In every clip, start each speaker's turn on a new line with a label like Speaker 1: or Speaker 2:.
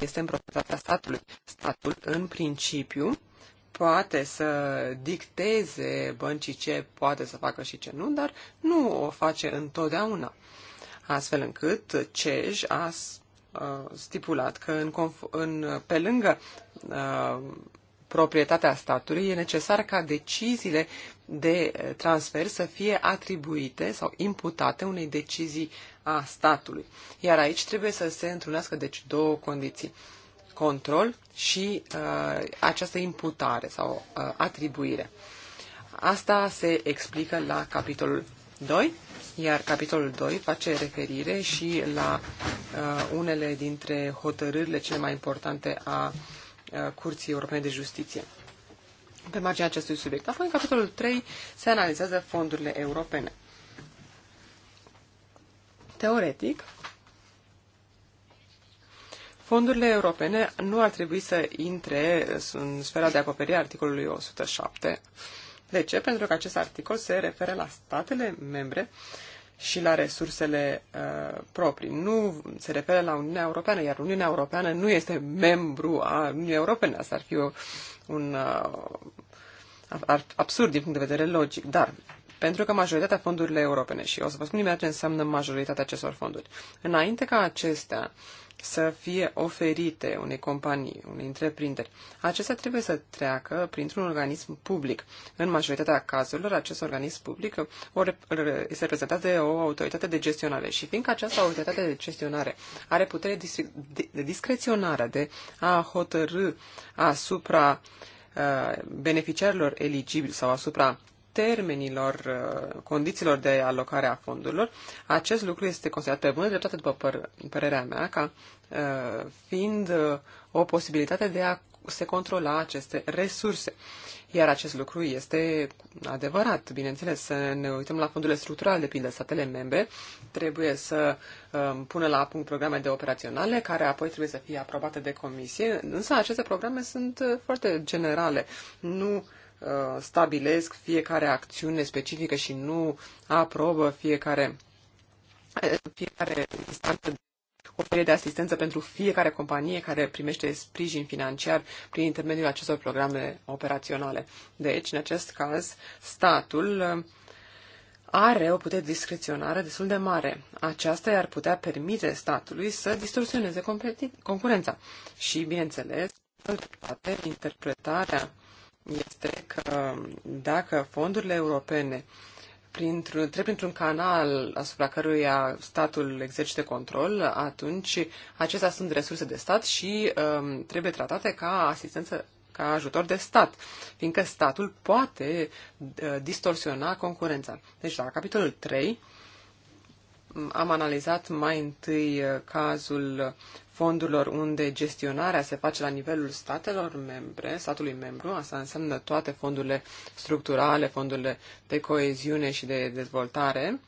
Speaker 1: este în
Speaker 2: proprietatea statului. Statul, în principiu, poate să dicteze băncii ce poate să facă și ce nu, dar nu o face întotdeauna. Astfel încât CEJ a stipulat că în, în, pe lângă uh, proprietatea statului, e necesar ca deciziile de transfer să fie atribuite sau imputate unei decizii a statului. Iar aici trebuie să se întrunească deci două condiții. Control și uh, această imputare sau uh, atribuire. Asta se explică la capitolul 2, iar capitolul 2 face referire și la uh, unele dintre hotărârile cele mai importante a uh, Uh, Curții Europene de Justiție. Pe marginea acestui subiect, apoi în capitolul 3 se analizează fondurile europene. Teoretic, fondurile europene nu ar trebui să intre în sfera de acoperire a articolului 107. De ce? Pentru că acest articol se referă la statele membre și la resursele uh, proprii. Nu se referă la Uniunea Europeană, iar Uniunea Europeană nu este membru a Uniunii Europene. Asta ar fi o, un uh, absurd din punct de vedere logic. Dar pentru că majoritatea fondurilor europene, și o să vă spun imediat ce înseamnă majoritatea acestor fonduri, înainte ca acestea să fie oferite unei companii, unei întreprinderi. Acestea trebuie să treacă printr-un organism public. În majoritatea cazurilor, acest organism public este reprezentat de o autoritate de gestionare și fiindcă această autoritate de gestionare are putere discreționare de a hotărâ asupra uh, beneficiarilor eligibili sau asupra termenilor, uh, condițiilor de alocare a fondurilor, acest lucru este considerat pe bună dreptate, după păr- părerea mea, ca uh, fiind uh, o posibilitate de a se controla aceste resurse. Iar acest lucru este adevărat, bineînțeles, să ne uităm la fondurile structurale, de pildă statele membre, trebuie să um, pună la punct programe de operaționale, care apoi trebuie să fie aprobate de comisie, însă aceste programe sunt foarte generale, nu Uh, stabilesc fiecare acțiune specifică și nu aprobă fiecare, fiecare instanță de oferire de asistență pentru fiecare companie care primește sprijin financiar prin intermediul acestor programe operaționale. Deci, în acest caz, statul uh, are o putere discreționară destul de mare. Aceasta i-ar putea permite statului să distorsioneze concurența. Și, bineînțeles, interpretarea este că dacă fondurile europene printr-un, trec printr-un canal asupra căruia statul exercite control, atunci acestea sunt resurse de stat și um, trebuie tratate ca asistență ca ajutor de stat, fiindcă statul poate uh, distorsiona concurența. Deci la capitolul 3 am analizat mai întâi uh, cazul fondurilor unde gestionarea se face la nivelul statelor membre, statului membru, asta înseamnă toate fondurile structurale, fondurile de coeziune și de dezvoltare.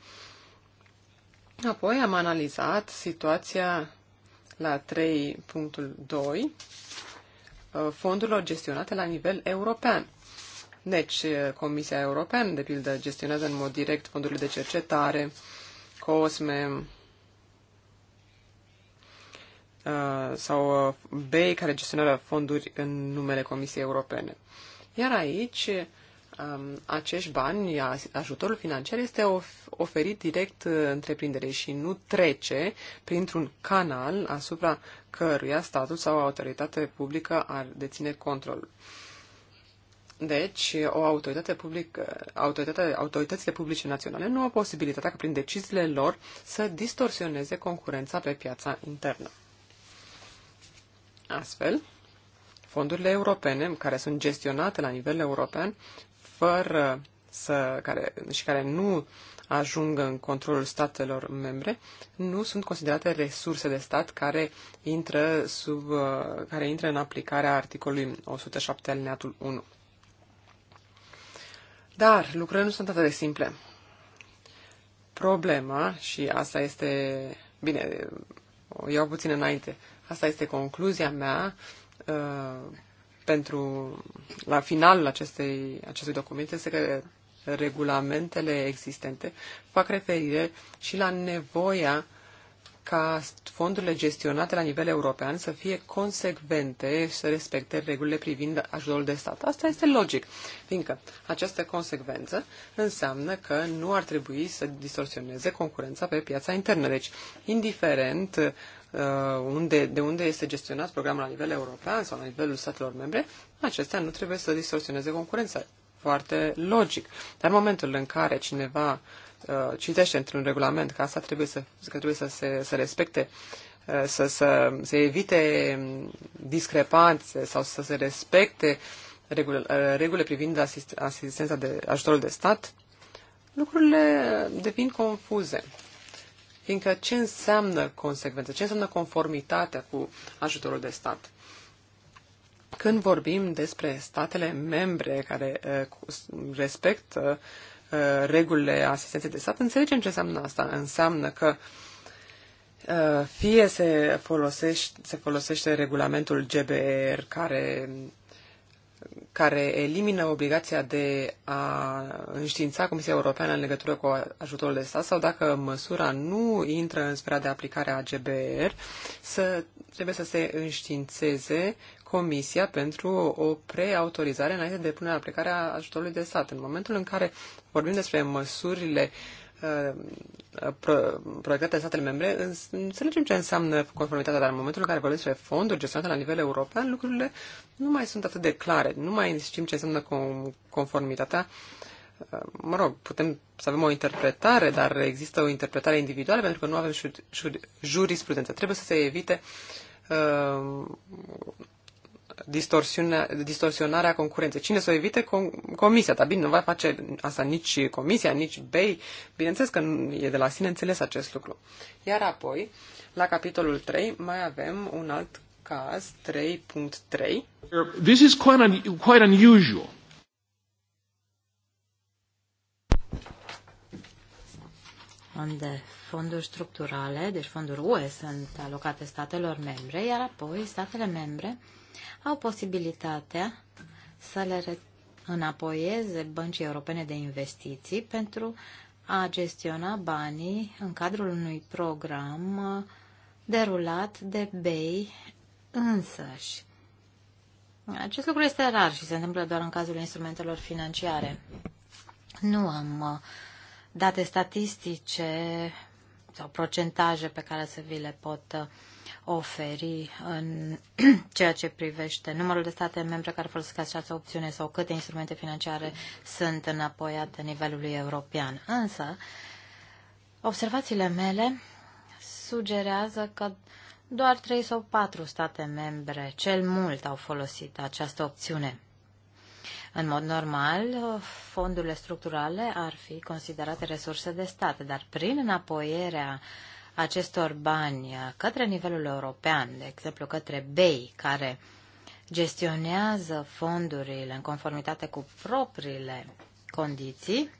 Speaker 2: Apoi am analizat situația la 3.2 uh, fondurilor gestionate la nivel european. Deci, uh, Comisia Europeană, de pildă, gestionează în mod direct fondurile de cercetare, COSME, Uh, sau uh, B, care gestionează fonduri în numele Comisiei Europene. Iar aici, um, acești bani, ajutorul financiar, este oferit direct uh, întreprinderii și nu trece printr-un canal asupra căruia statul sau autoritate publică ar deține controlul. Deci, o autoritate publică, autoritate, autoritățile publice naționale nu au posibilitatea ca prin deciziile lor să distorsioneze concurența pe piața internă. Astfel, fondurile europene care sunt gestionate la nivel european fără să, care, și care nu ajung în controlul statelor membre, nu sunt considerate resurse de stat care intră, sub, uh, care intră în aplicarea articolului 107 alineatul 1. Dar lucrurile nu sunt atât de simple. Problema, și asta este, bine, o iau puțin înainte, Asta este concluzia mea uh, pentru la finalul acestei, acestui document este că regulamentele existente fac referire și la nevoia ca fondurile gestionate la nivel european să fie consecvente și să respecte regulile privind ajutorul de stat. Asta este logic, fiindcă această consecvență înseamnă că nu ar trebui să distorsioneze concurența pe piața internă. Deci, indiferent Uh, unde, de unde este gestionat programul la nivel european sau la nivelul statelor membre, acestea nu trebuie să distorsioneze concurența. Foarte logic. Dar în momentul în care cineva uh, citește într-un regulament că asta trebuie să, că trebuie să se să respecte uh, să, să se evite um, discrepanțe sau să se respecte regulile, uh, regulile privind asist, asistența de ajutorul de stat, lucrurile uh, devin confuze fiindcă ce înseamnă consecvență, ce înseamnă conformitatea cu ajutorul de stat? Când vorbim despre statele membre care uh, respectă uh, regulile asistenței de stat, înțelegem ce înseamnă asta. Înseamnă că uh, fie se folosește, se folosește regulamentul GBR care care elimină obligația de a înștiința Comisia Europeană în legătură cu ajutorul de stat sau dacă măsura nu intră în sfera de aplicare a GBR, să, trebuie să se înștiințeze Comisia pentru o preautorizare înainte de punerea aplicarea ajutorului de stat. În momentul în care vorbim despre măsurile uh, Uh, proiectate de statele membre, înțelegem ce înseamnă conformitatea, dar în momentul în care vorbim despre fonduri gestionate la nivel european, lucrurile nu mai sunt atât de clare. Nu mai știm ce înseamnă conformitatea. Uh, mă rog, putem să avem o interpretare, dar există o interpretare individuală pentru că nu avem jurisprudență. Trebuie să se evite uh, distorsionarea concurenței. Cine să o evite? comisia. Dar bine, nu va face asta nici comisia, nici BEI. Bineînțeles că nu e de la sine înțeles acest lucru. Iar apoi, la capitolul 3, mai avem un alt caz, 3.3.
Speaker 1: This is quite, un, quite unusual.
Speaker 3: unde fonduri structurale, deci fonduri UE, sunt alocate statelor membre, iar apoi statele membre au posibilitatea să le înapoieze băncii europene de investiții pentru a gestiona banii în cadrul unui program uh, derulat de BEI însăși. Acest lucru este rar și se întâmplă doar în cazul instrumentelor financiare. Nu am uh, date statistice sau procentaje pe care să vi le pot uh, oferi în ceea ce privește numărul de state membre care folosesc această opțiune sau câte instrumente financiare sunt înapoiate nivelului european. Însă, observațiile mele sugerează că doar 3 sau 4 state membre cel mult au folosit această opțiune. În mod normal, fondurile structurale ar fi considerate resurse de stat, dar prin înapoierea acestor bani către nivelul european, de exemplu către BEI, care gestionează fondurile în conformitate cu propriile condiții,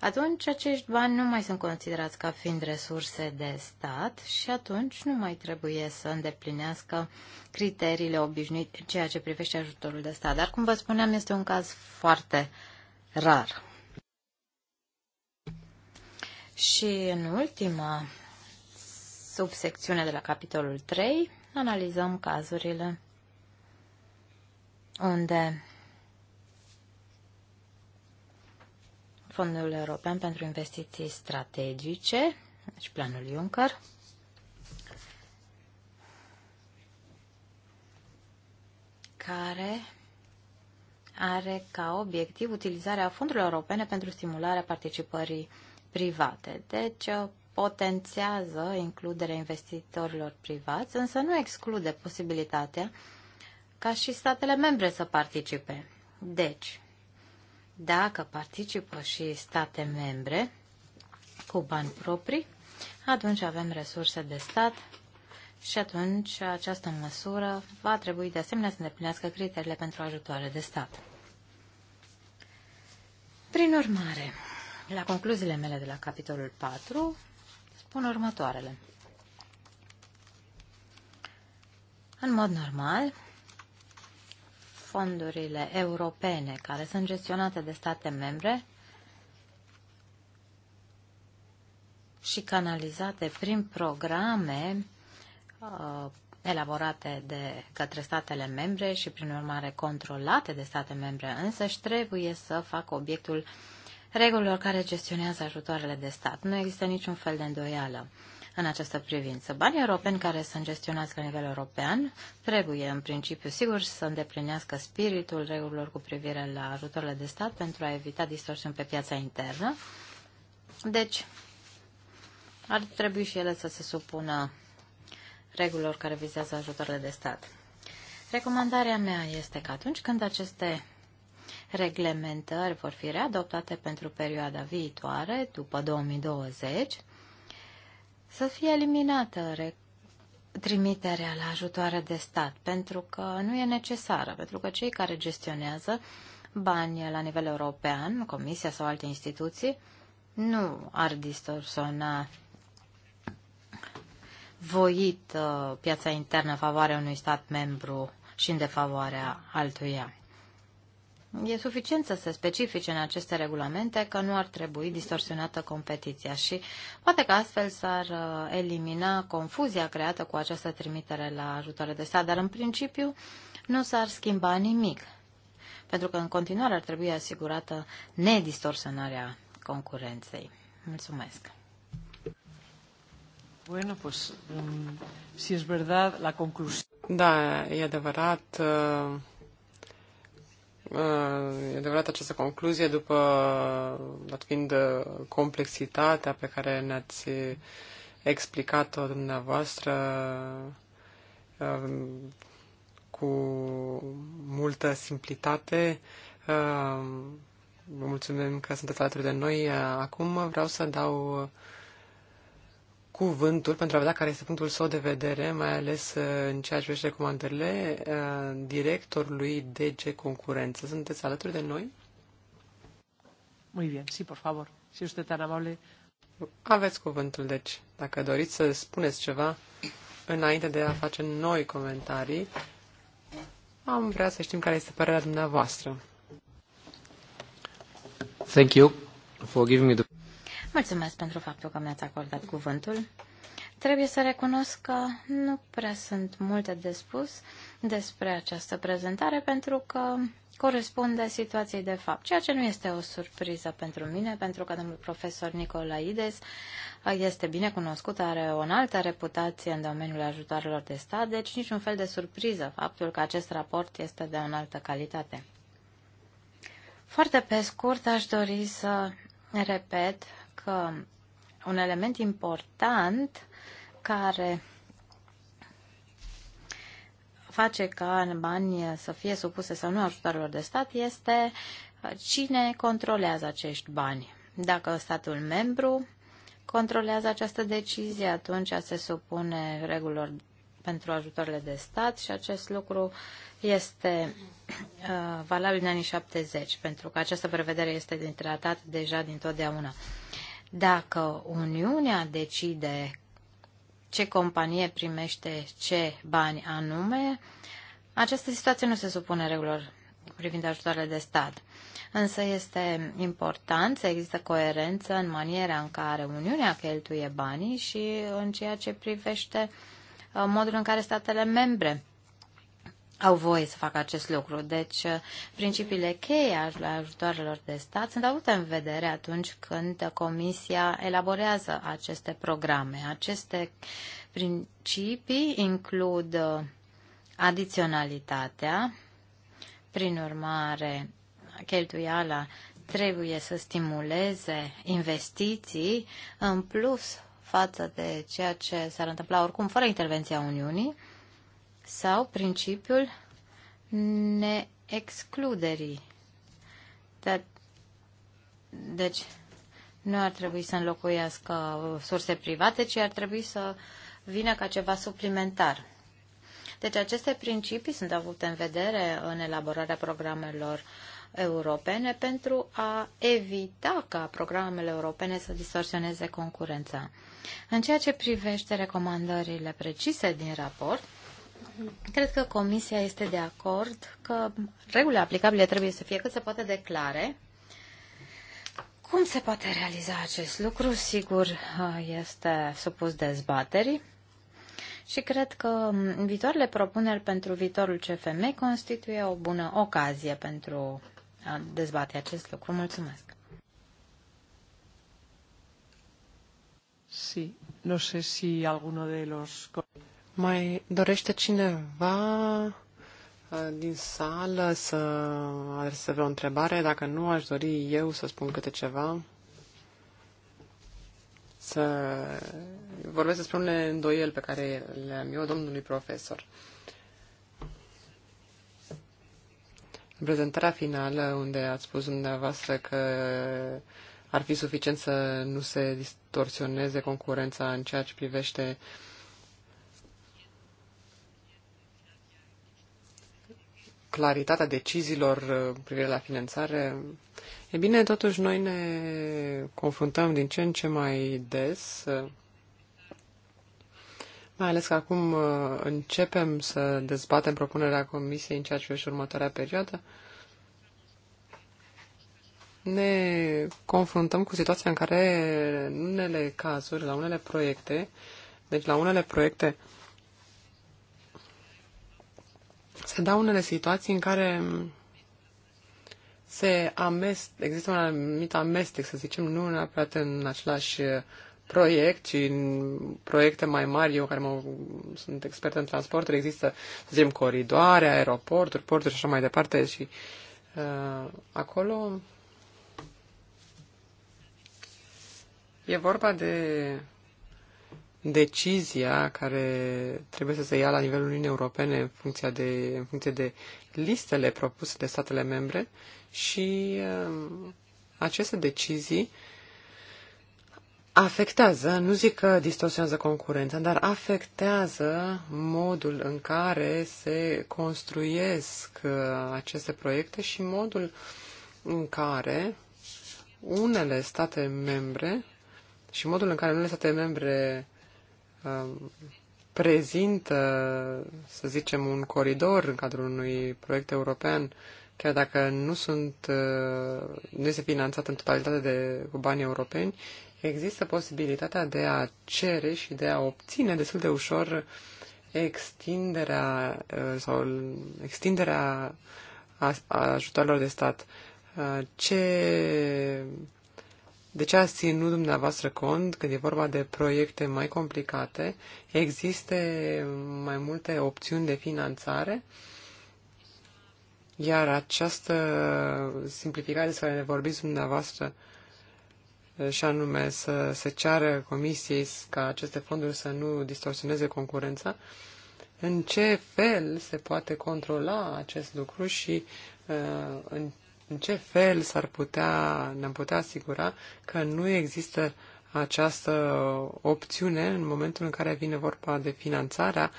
Speaker 3: atunci acești bani nu mai sunt considerați ca fiind resurse de stat și atunci nu mai trebuie să îndeplinească criteriile obișnuite în ceea ce privește ajutorul de stat. Dar, cum vă spuneam, este un caz foarte rar. Și în ultima subsecțiune de la capitolul 3 analizăm cazurile unde Fondul European pentru Investiții Strategice, și deci planul Juncker, care are ca obiectiv utilizarea fondurilor europene pentru stimularea participării private. Deci uh, potențează includerea investitorilor privați, însă nu exclude posibilitatea ca și statele membre să participe. Deci, dacă participă și state membre cu bani proprii, atunci avem resurse de stat și atunci această măsură va trebui de asemenea să îndeplinească criteriile pentru ajutoare de stat. Prin urmare, la concluziile mele de la capitolul 4 spun următoarele. În mod normal, fondurile europene care sunt gestionate de state membre și canalizate prin programe uh, elaborate de către statele membre și, prin urmare, controlate de state membre însă și trebuie să facă obiectul regulilor care gestionează ajutoarele de stat. Nu există niciun fel de îndoială în această privință. Banii europeni care sunt gestionați la nivel european trebuie, în principiu, sigur, să îndeplinească spiritul regulilor cu privire la ajutorile de stat pentru a evita distorsiuni pe piața internă. Deci, ar trebui și ele să se supună regulilor care vizează ajutoarele de stat. Recomandarea mea este că atunci când aceste reglementări vor fi readoptate pentru perioada viitoare, după 2020, să fie eliminată trimiterea la ajutoare de stat, pentru că nu e necesară, pentru că cei care gestionează bani la nivel european, Comisia sau alte instituții, nu ar distorsiona voit uh, piața internă în favoarea unui stat membru și în defavoarea altuia. E suficient să se specifice în aceste regulamente că nu ar trebui distorsionată competiția și poate că astfel s-ar uh, elimina confuzia creată cu această trimitere la ajutoare de stat, dar în principiu nu s-ar schimba nimic, pentru că în continuare ar trebui asigurată nedistorsionarea concurenței. Mulțumesc!
Speaker 2: Bueno, pues, um, si es verdad, la conclusión. Da, e adevărat. Uh Uh, e adevărat această concluzie după, dat fiind uh, complexitatea pe care ne-ați explicat-o dumneavoastră uh, cu multă simplitate. Vă mulțumim că sunteți alături de noi. Acum vreau să dau cuvântul pentru a vedea care este punctul său de vedere, mai ales uh, în ceea ce privește recomandările uh, directorului DG Concurență. Sunteți alături de noi? Muy bien, sí, por favor. Si usted tan amable. Aveți cuvântul, deci, dacă doriți să spuneți ceva înainte de a face noi comentarii, am vrea să știm care este părerea dumneavoastră.
Speaker 1: Thank you for giving me the...
Speaker 3: Mulțumesc pentru faptul că mi-ați acordat cuvântul. Trebuie să recunosc că nu prea sunt multe de spus despre această prezentare pentru că corespunde situației de fapt, ceea ce nu este o surpriză pentru mine, pentru că domnul profesor Nicolaides este bine cunoscut, are o înaltă reputație în domeniul ajutoarelor de stat, deci niciun fel de surpriză faptul că acest raport este de o înaltă calitate. Foarte pe scurt aș dori să repet că un element important care face ca bani să fie supuse sau nu ajutorilor de stat este cine controlează acești bani. Dacă statul membru controlează această decizie, atunci se supune regulilor pentru ajutoarele de stat și acest lucru este uh, valabil în anii 70, pentru că această prevedere este din tratat deja din totdeauna. Dacă Uniunea decide ce companie primește ce bani anume, această situație nu se supune regulilor privind ajutoarele de stat. Însă este important să există coerență în maniera în care Uniunea cheltuie banii și în ceea ce privește uh, modul în care statele membre au voie să facă acest lucru. Deci, uh, principiile cheie ale ajutoarelor de stat sunt avute în vedere atunci când Comisia elaborează aceste programe. Aceste principii includ uh, adiționalitatea, prin urmare, cheltuiala trebuie să stimuleze investiții în plus față de ceea ce s-ar întâmpla oricum fără intervenția Uniunii, sau principiul neexcluderii. Dar, deci, nu ar trebui să înlocuiască surse private, ci ar trebui să vină ca ceva suplimentar. Deci aceste principii sunt avute în vedere în elaborarea programelor europene pentru a evita ca programele europene să distorsioneze concurența. În ceea ce privește recomandările precise din raport, Cred că Comisia este de acord că regulile aplicabile trebuie să fie cât se poate declare. Cum se poate realiza acest lucru? Sigur, este supus dezbaterii. Și cred că viitoarele propuneri pentru viitorul CFM constituie o bună ocazie pentru a dezbate acest lucru.
Speaker 2: Mulțumesc. Sí, no sé si alguno de los mai dorește cineva din sală să adreseze vreo întrebare? Dacă nu, aș dori eu să spun câte ceva. Să vorbesc despre unele îndoieli pe care le-am eu domnului profesor. În prezentarea finală, unde ați spus dumneavoastră că ar fi suficient să nu se distorsioneze concurența în ceea ce privește uh, claritatea deciziilor uh, privire la finanțare, e bine, totuși noi ne confruntăm din ce în ce mai des, uh, mai ales că acum uh, începem să dezbatem propunerea Comisiei în ceea ce privește următoarea perioadă, ne confruntăm cu situația în care în unele cazuri, la unele proiecte, deci la unele proiecte, uh, se dau unele situații în care se amest, există un anumit amestec, să zicem, nu neapărat în același proiect, ci în proiecte mai mari, eu care mă, sunt expert în transporturi, există, să zicem, coridoare, aeroporturi, porturi și așa mai departe și uh, acolo e vorba de decizia care trebuie să se ia la nivelul Uniunii Europene în funcție de, în funcție de listele propuse de statele membre și um, aceste decizii afectează, nu zic că distorsionează concurența, dar afectează modul în care se construiesc uh, aceste proiecte și modul în care unele state membre și modul în care unele state membre Uh, prezintă, să zicem, un coridor în cadrul unui proiect european, chiar dacă nu sunt, uh, nu este finanțat în totalitate de, cu banii europeni, există posibilitatea de a cere și de a obține destul de ușor extinderea uh, sau extinderea ajutoarelor de stat. Ce de ce ați ținut dumneavoastră cont când e vorba de proiecte mai complicate? Există mai multe opțiuni de finanțare? Iar această simplificare despre care ne vorbiți dumneavoastră și anume să se ceară comisiei ca aceste fonduri să nu distorsioneze concurența, în ce fel se poate controla acest lucru și uh, în în ce fel s-ar putea, ne-am putea asigura că nu există această opțiune în momentul în care vine vorba de finanțarea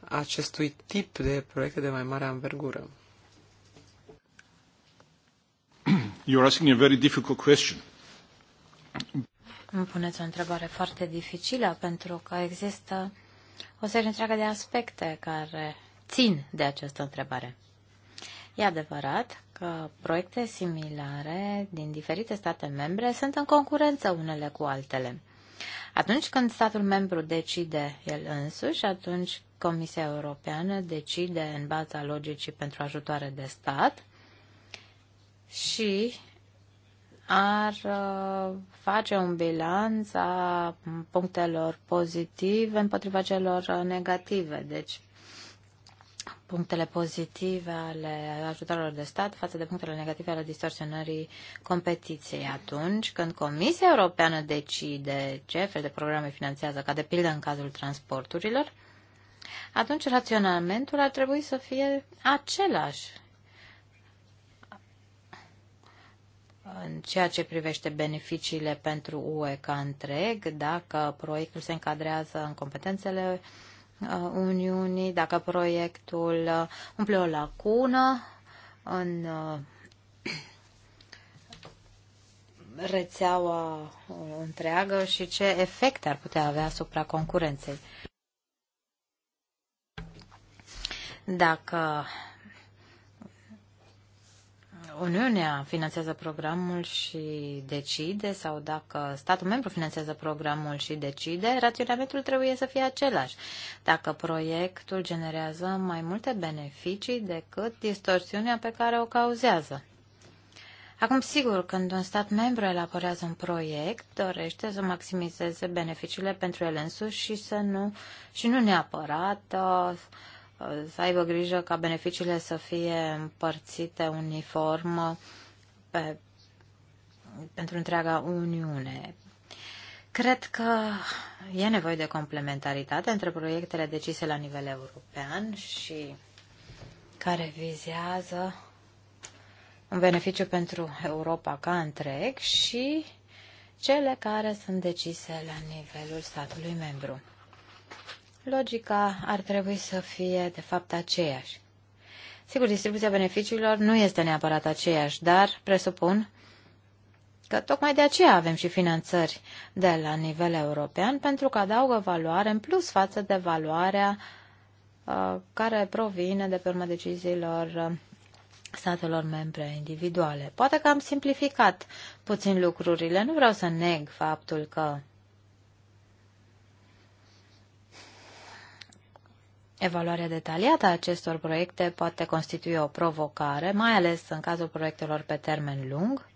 Speaker 2: acestui tip de proiecte de mai mare anvergură? You're asking a very
Speaker 3: difficult question. Îmi puneți o întrebare foarte dificilă pentru că există o serie întreagă de aspecte care țin de această întrebare. E adevărat că proiecte similare din diferite state membre sunt în concurență unele cu altele. Atunci când statul membru decide el însuși, atunci Comisia Europeană decide în baza logicii pentru ajutoare de stat și ar uh, face un bilanț a punctelor pozitive împotriva celor negative. Deci punctele pozitive ale ajutorilor de stat față de punctele negative ale distorsionării competiției. Atunci când Comisia Europeană decide ce fel de programe finanțează, ca de pildă în cazul transporturilor, atunci raționamentul ar trebui să fie același în ceea ce privește beneficiile pentru UE ca întreg, dacă proiectul se încadrează în competențele uh, Uh, Uniunii, dacă proiectul uh, umple o lacună în uh, rețeaua întreagă și ce efecte ar putea avea asupra concurenței. Dacă Uniunea finanțează programul și decide sau dacă statul membru finanțează programul și decide, raționamentul trebuie să fie același. Dacă proiectul generează mai multe beneficii decât distorsiunea pe care o cauzează. Acum, sigur, când un stat membru elaborează un proiect, dorește să maximizeze beneficiile pentru el însuși și să nu, și nu neapărat uh, să aibă grijă ca beneficiile să fie împărțite uniform pe, pentru întreaga Uniune. Cred că e nevoie de complementaritate între proiectele decise la nivel european și care vizează un beneficiu pentru Europa ca întreg și cele care sunt decise la nivelul statului membru. Logica ar trebui să fie, de fapt, aceeași. Sigur, distribuția beneficiilor nu este neapărat aceeași, dar presupun că tocmai de aceea avem și finanțări de la nivel european, pentru că adaugă valoare în plus față de valoarea uh, care provine de pe urma deciziilor uh, statelor membre individuale. Poate că am simplificat puțin lucrurile, nu vreau să neg faptul că Evaluarea detaliată a acestor proiecte poate constitui o provocare, mai ales în cazul proiectelor pe termen lung.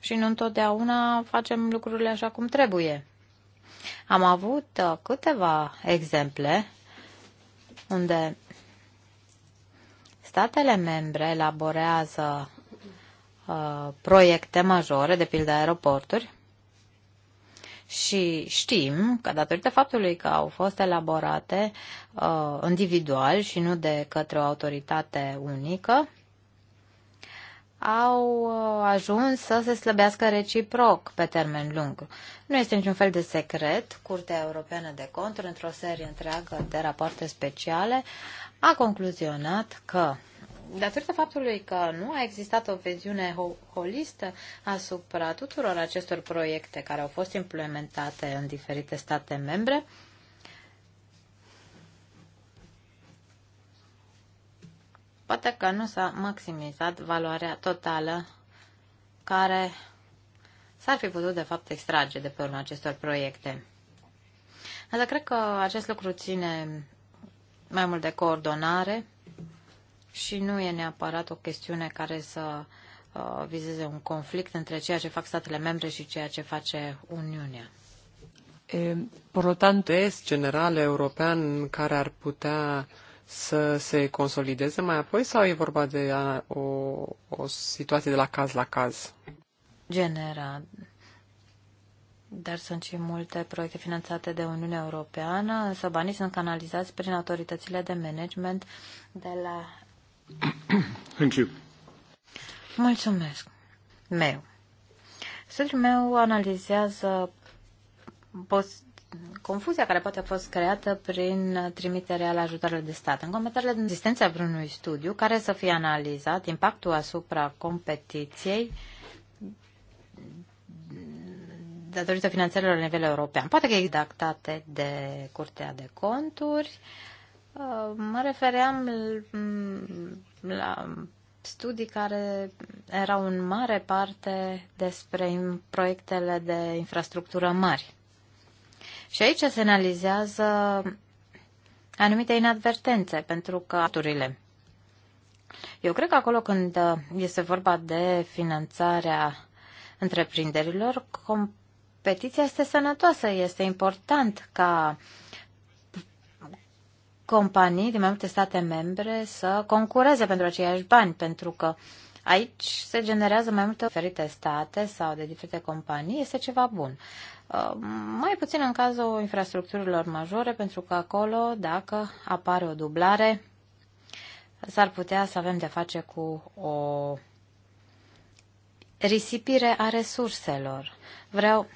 Speaker 3: Și nu întotdeauna facem lucrurile așa cum trebuie. Am avut uh, câteva exemple unde statele membre elaborează uh, proiecte majore, de pildă aeroporturi, și știm că datorită faptului că au fost elaborate uh, individual și nu de către o autoritate unică, au uh, ajuns să se slăbească reciproc pe termen lung. Nu este niciun fel de secret. Curtea Europeană de Conturi, într-o serie întreagă de rapoarte speciale, a concluzionat că datorită faptului că nu a existat o viziune holistă asupra tuturor acestor proiecte care au fost implementate în diferite state membre, poate că nu s-a maximizat valoarea totală care s-ar fi putut de fapt extrage de pe urma acestor proiecte. Dar cred că acest lucru ține mai mult de coordonare și nu e neapărat o chestiune care să uh, vizeze un conflict între ceea ce fac statele membre și ceea ce face Uniunea.
Speaker 2: E, por lo tanto, es general european care ar putea să se consolideze mai apoi sau e vorba de a, o, o situație de la caz la caz?
Speaker 3: General, Dar sunt și multe proiecte finanțate de Uniunea Europeană, însă banii sunt canalizați prin autoritățile de management de la Mulțumesc. Meu. Studiul meu analizează confuzia care poate a fost creată prin trimiterea la ajutoarele de stat. În comentariile din existența vreunui studiu care să fie analizat impactul asupra competiției datorită finanțărilor la nivel european. Poate că e dactate de Curtea de Conturi, uh, Uh, mă refeream la studii care erau în mare parte despre proiectele de infrastructură mari. Și aici se analizează anumite inadvertențe, pentru că aturile. Eu cred că acolo când uh, este vorba de finanțarea întreprinderilor, competiția este sănătoasă. Este important ca uh, companii din mai multe state membre să concureze pentru aceiași bani, pentru că aici se generează mai multe diferite state sau de diferite companii, este ceva bun. Uh, mai puțin în cazul infrastructurilor majore, pentru că acolo, dacă apare o dublare, s-ar putea să avem de face cu o risipire a resurselor. Vreau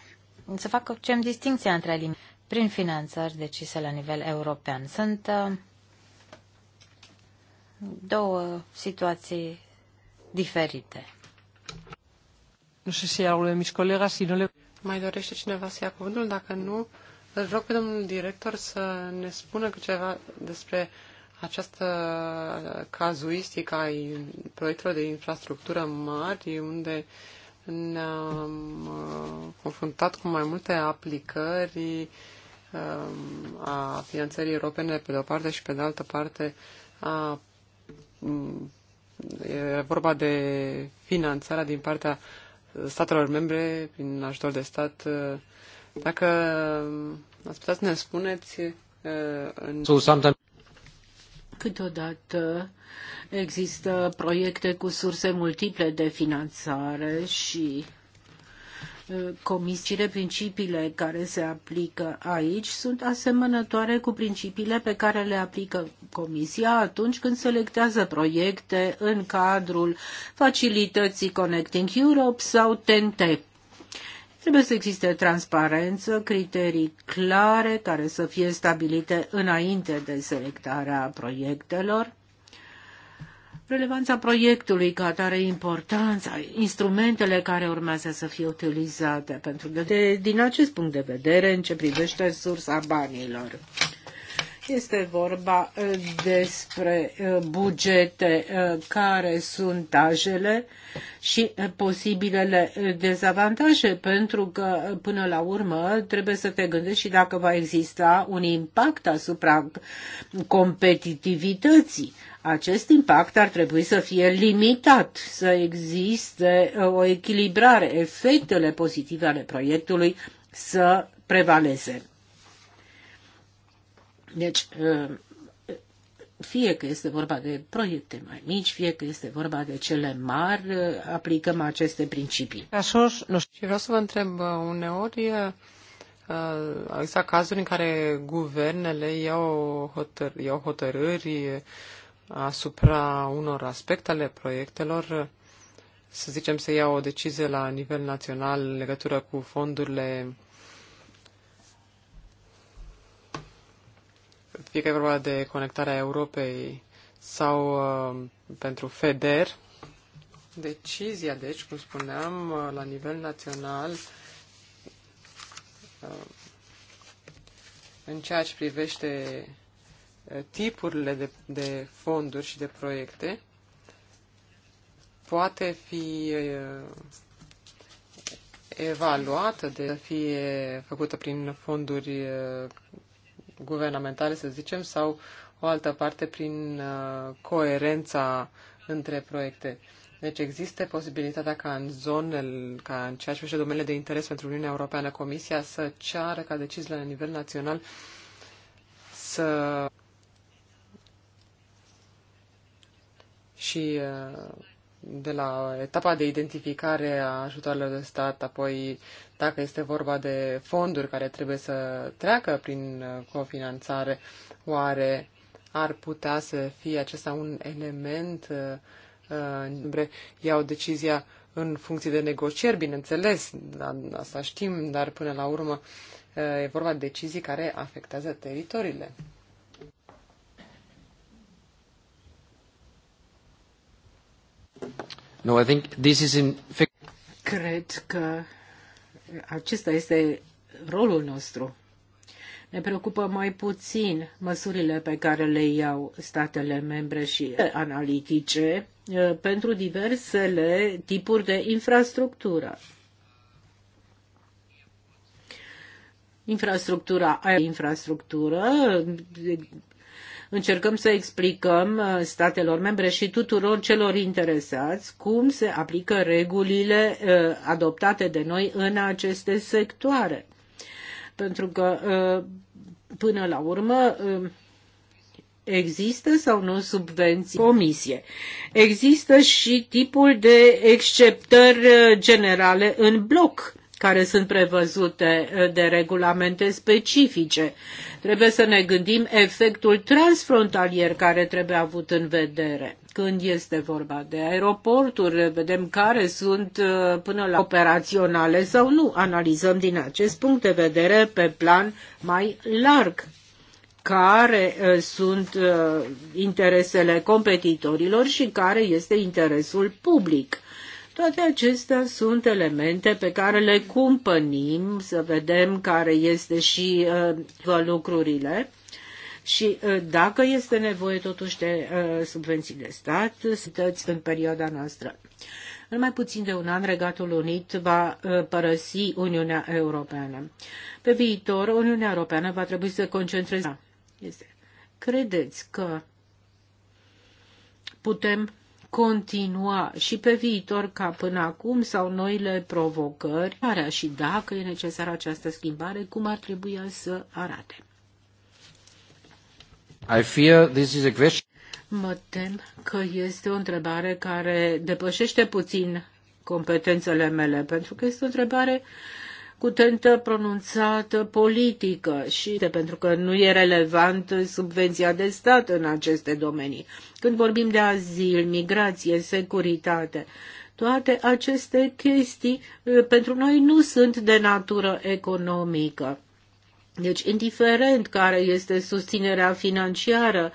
Speaker 3: să fac ce distinția între limite prin finanțări decise la nivel european. Sunt uh,
Speaker 2: două situații diferite. Nu știu să iau de mis colega, si nu le... Mai dorește cineva să ia cuvântul? Dacă nu, îl rog pe domnul director să ne spună ceva despre această cazuistică a proiectelor de infrastructură mari, unde uh, ne-am uh, confruntat cu mai multe aplicări um, a finanțării europene pe de o parte și pe de altă parte a, mm, e vorba de finanțarea din partea statelor membre prin ajutor de stat. Dacă ați putea să ne spuneți uh, în... So sometimes
Speaker 4: Câteodată există proiecte cu surse multiple de finanțare și uh, comisiile, principiile care se aplică aici sunt asemănătoare cu principiile pe care le aplică comisia atunci când selectează proiecte în cadrul facilității Connecting Europe sau TNT Trebuie să existe transparență, criterii clare care să fie stabilite înainte de selectarea proiectelor. Relevanța proiectului ca atare importanța, instrumentele care urmează să fie utilizate, pentru de, din acest punct de vedere, în ce privește sursa banilor. Este vorba uh, despre uh, bugete uh, care sunt tajele și posibilele dezavantaje, pentru că până la urmă trebuie să te gândești și dacă va exista un impact asupra competitivității. Acest impact ar trebui să fie limitat, să existe o echilibrare, efectele pozitive ale proiectului să prevaleze. Deci, ă, fie că este vorba de proiecte mai mici, fie că este vorba de cele mari, ă, aplicăm
Speaker 2: aceste principii. Așa, nu știu. Și vreau să vă întreb, ă, uneori există cazuri în care guvernele iau, hotăr- iau hotărâri asupra unor aspecte ale proiectelor, să zicem, să iau o decizie la nivel național în legătură cu fondurile fie că e vorba de conectarea Europei sau uh, pentru FEDER. Decizia, deci, cum spuneam, uh, la nivel național, uh, în ceea ce privește uh, tipurile de, de fonduri și de proiecte, poate fi uh, evaluată, de fie făcută prin fonduri guvernamentale, să zicem, sau o altă parte prin uh, coerența între proiecte. Deci există posibilitatea ca în zonele, ca în ceea ce face domeniile de interes pentru Uniunea Europeană, Comisia să ceară ca deciziile la nivel național să și uh, de la etapa de identificare a ajutoarelor de stat, apoi dacă este vorba de fonduri care trebuie să treacă prin uh, cofinanțare, oare ar putea să fie acesta un element uh, uh, iau decizia în funcție de negocieri, bineînțeles, da, asta știm, dar până la urmă e vorba de decizii care afectează teritoriile.
Speaker 1: No, I think this is in...
Speaker 4: Cred că acesta este rolul nostru. Ne preocupă mai puțin măsurile pe care le iau statele membre și eh, analitice eh, pentru diversele tipuri de infrastructură. Infrastructura, infrastructură încercăm să explicăm uh, statelor membre și tuturor celor interesați cum se aplică regulile uh, adoptate de noi în aceste sectoare. Pentru că, uh, până la urmă, Există sau nu subvenții? Comisie. Există și tipul de exceptări generale în bloc care sunt prevăzute uh, de regulamente specifice. Trebuie să ne gândim efectul transfrontalier care trebuie avut în vedere. Când este vorba de aeroporturi, vedem care sunt uh, până la operaționale sau nu. Analizăm din acest punct de vedere pe plan mai larg care uh, sunt interesele competitorilor și care este interesul public. Toate acestea sunt elemente pe care le cumpănim, să vedem care este și uh, lucrurile. Și uh, dacă este nevoie totuși de uh, subvenții de stat, sunteți în perioada noastră. În mai puțin de un an, Regatul Unit va uh, părăsi Uniunea Europeană. Pe viitor, Uniunea Europeană va trebui să concentreze. Este. Credeți că putem continua și pe viitor ca până acum sau noile provocări, care și dacă e necesară această schimbare, cum ar trebui să arate.
Speaker 1: I fear this is a question.
Speaker 4: Mă tem că este o întrebare care depășește puțin competențele mele, pentru că este o întrebare uh, cu tentă pronunțată politică și pentru că nu e relevant subvenția de stat în aceste domenii. Când vorbim de azil, migrație, securitate, toate aceste chestii eh, pentru noi nu sunt de natură economică. Deci, indiferent care este susținerea financiară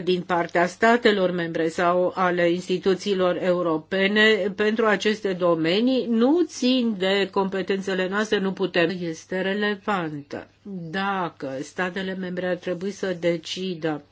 Speaker 4: din partea statelor membre sau ale instituțiilor europene pentru aceste domenii nu țin de competențele noastre, nu putem. Este relevantă. Dacă statele membre ar trebui să decidă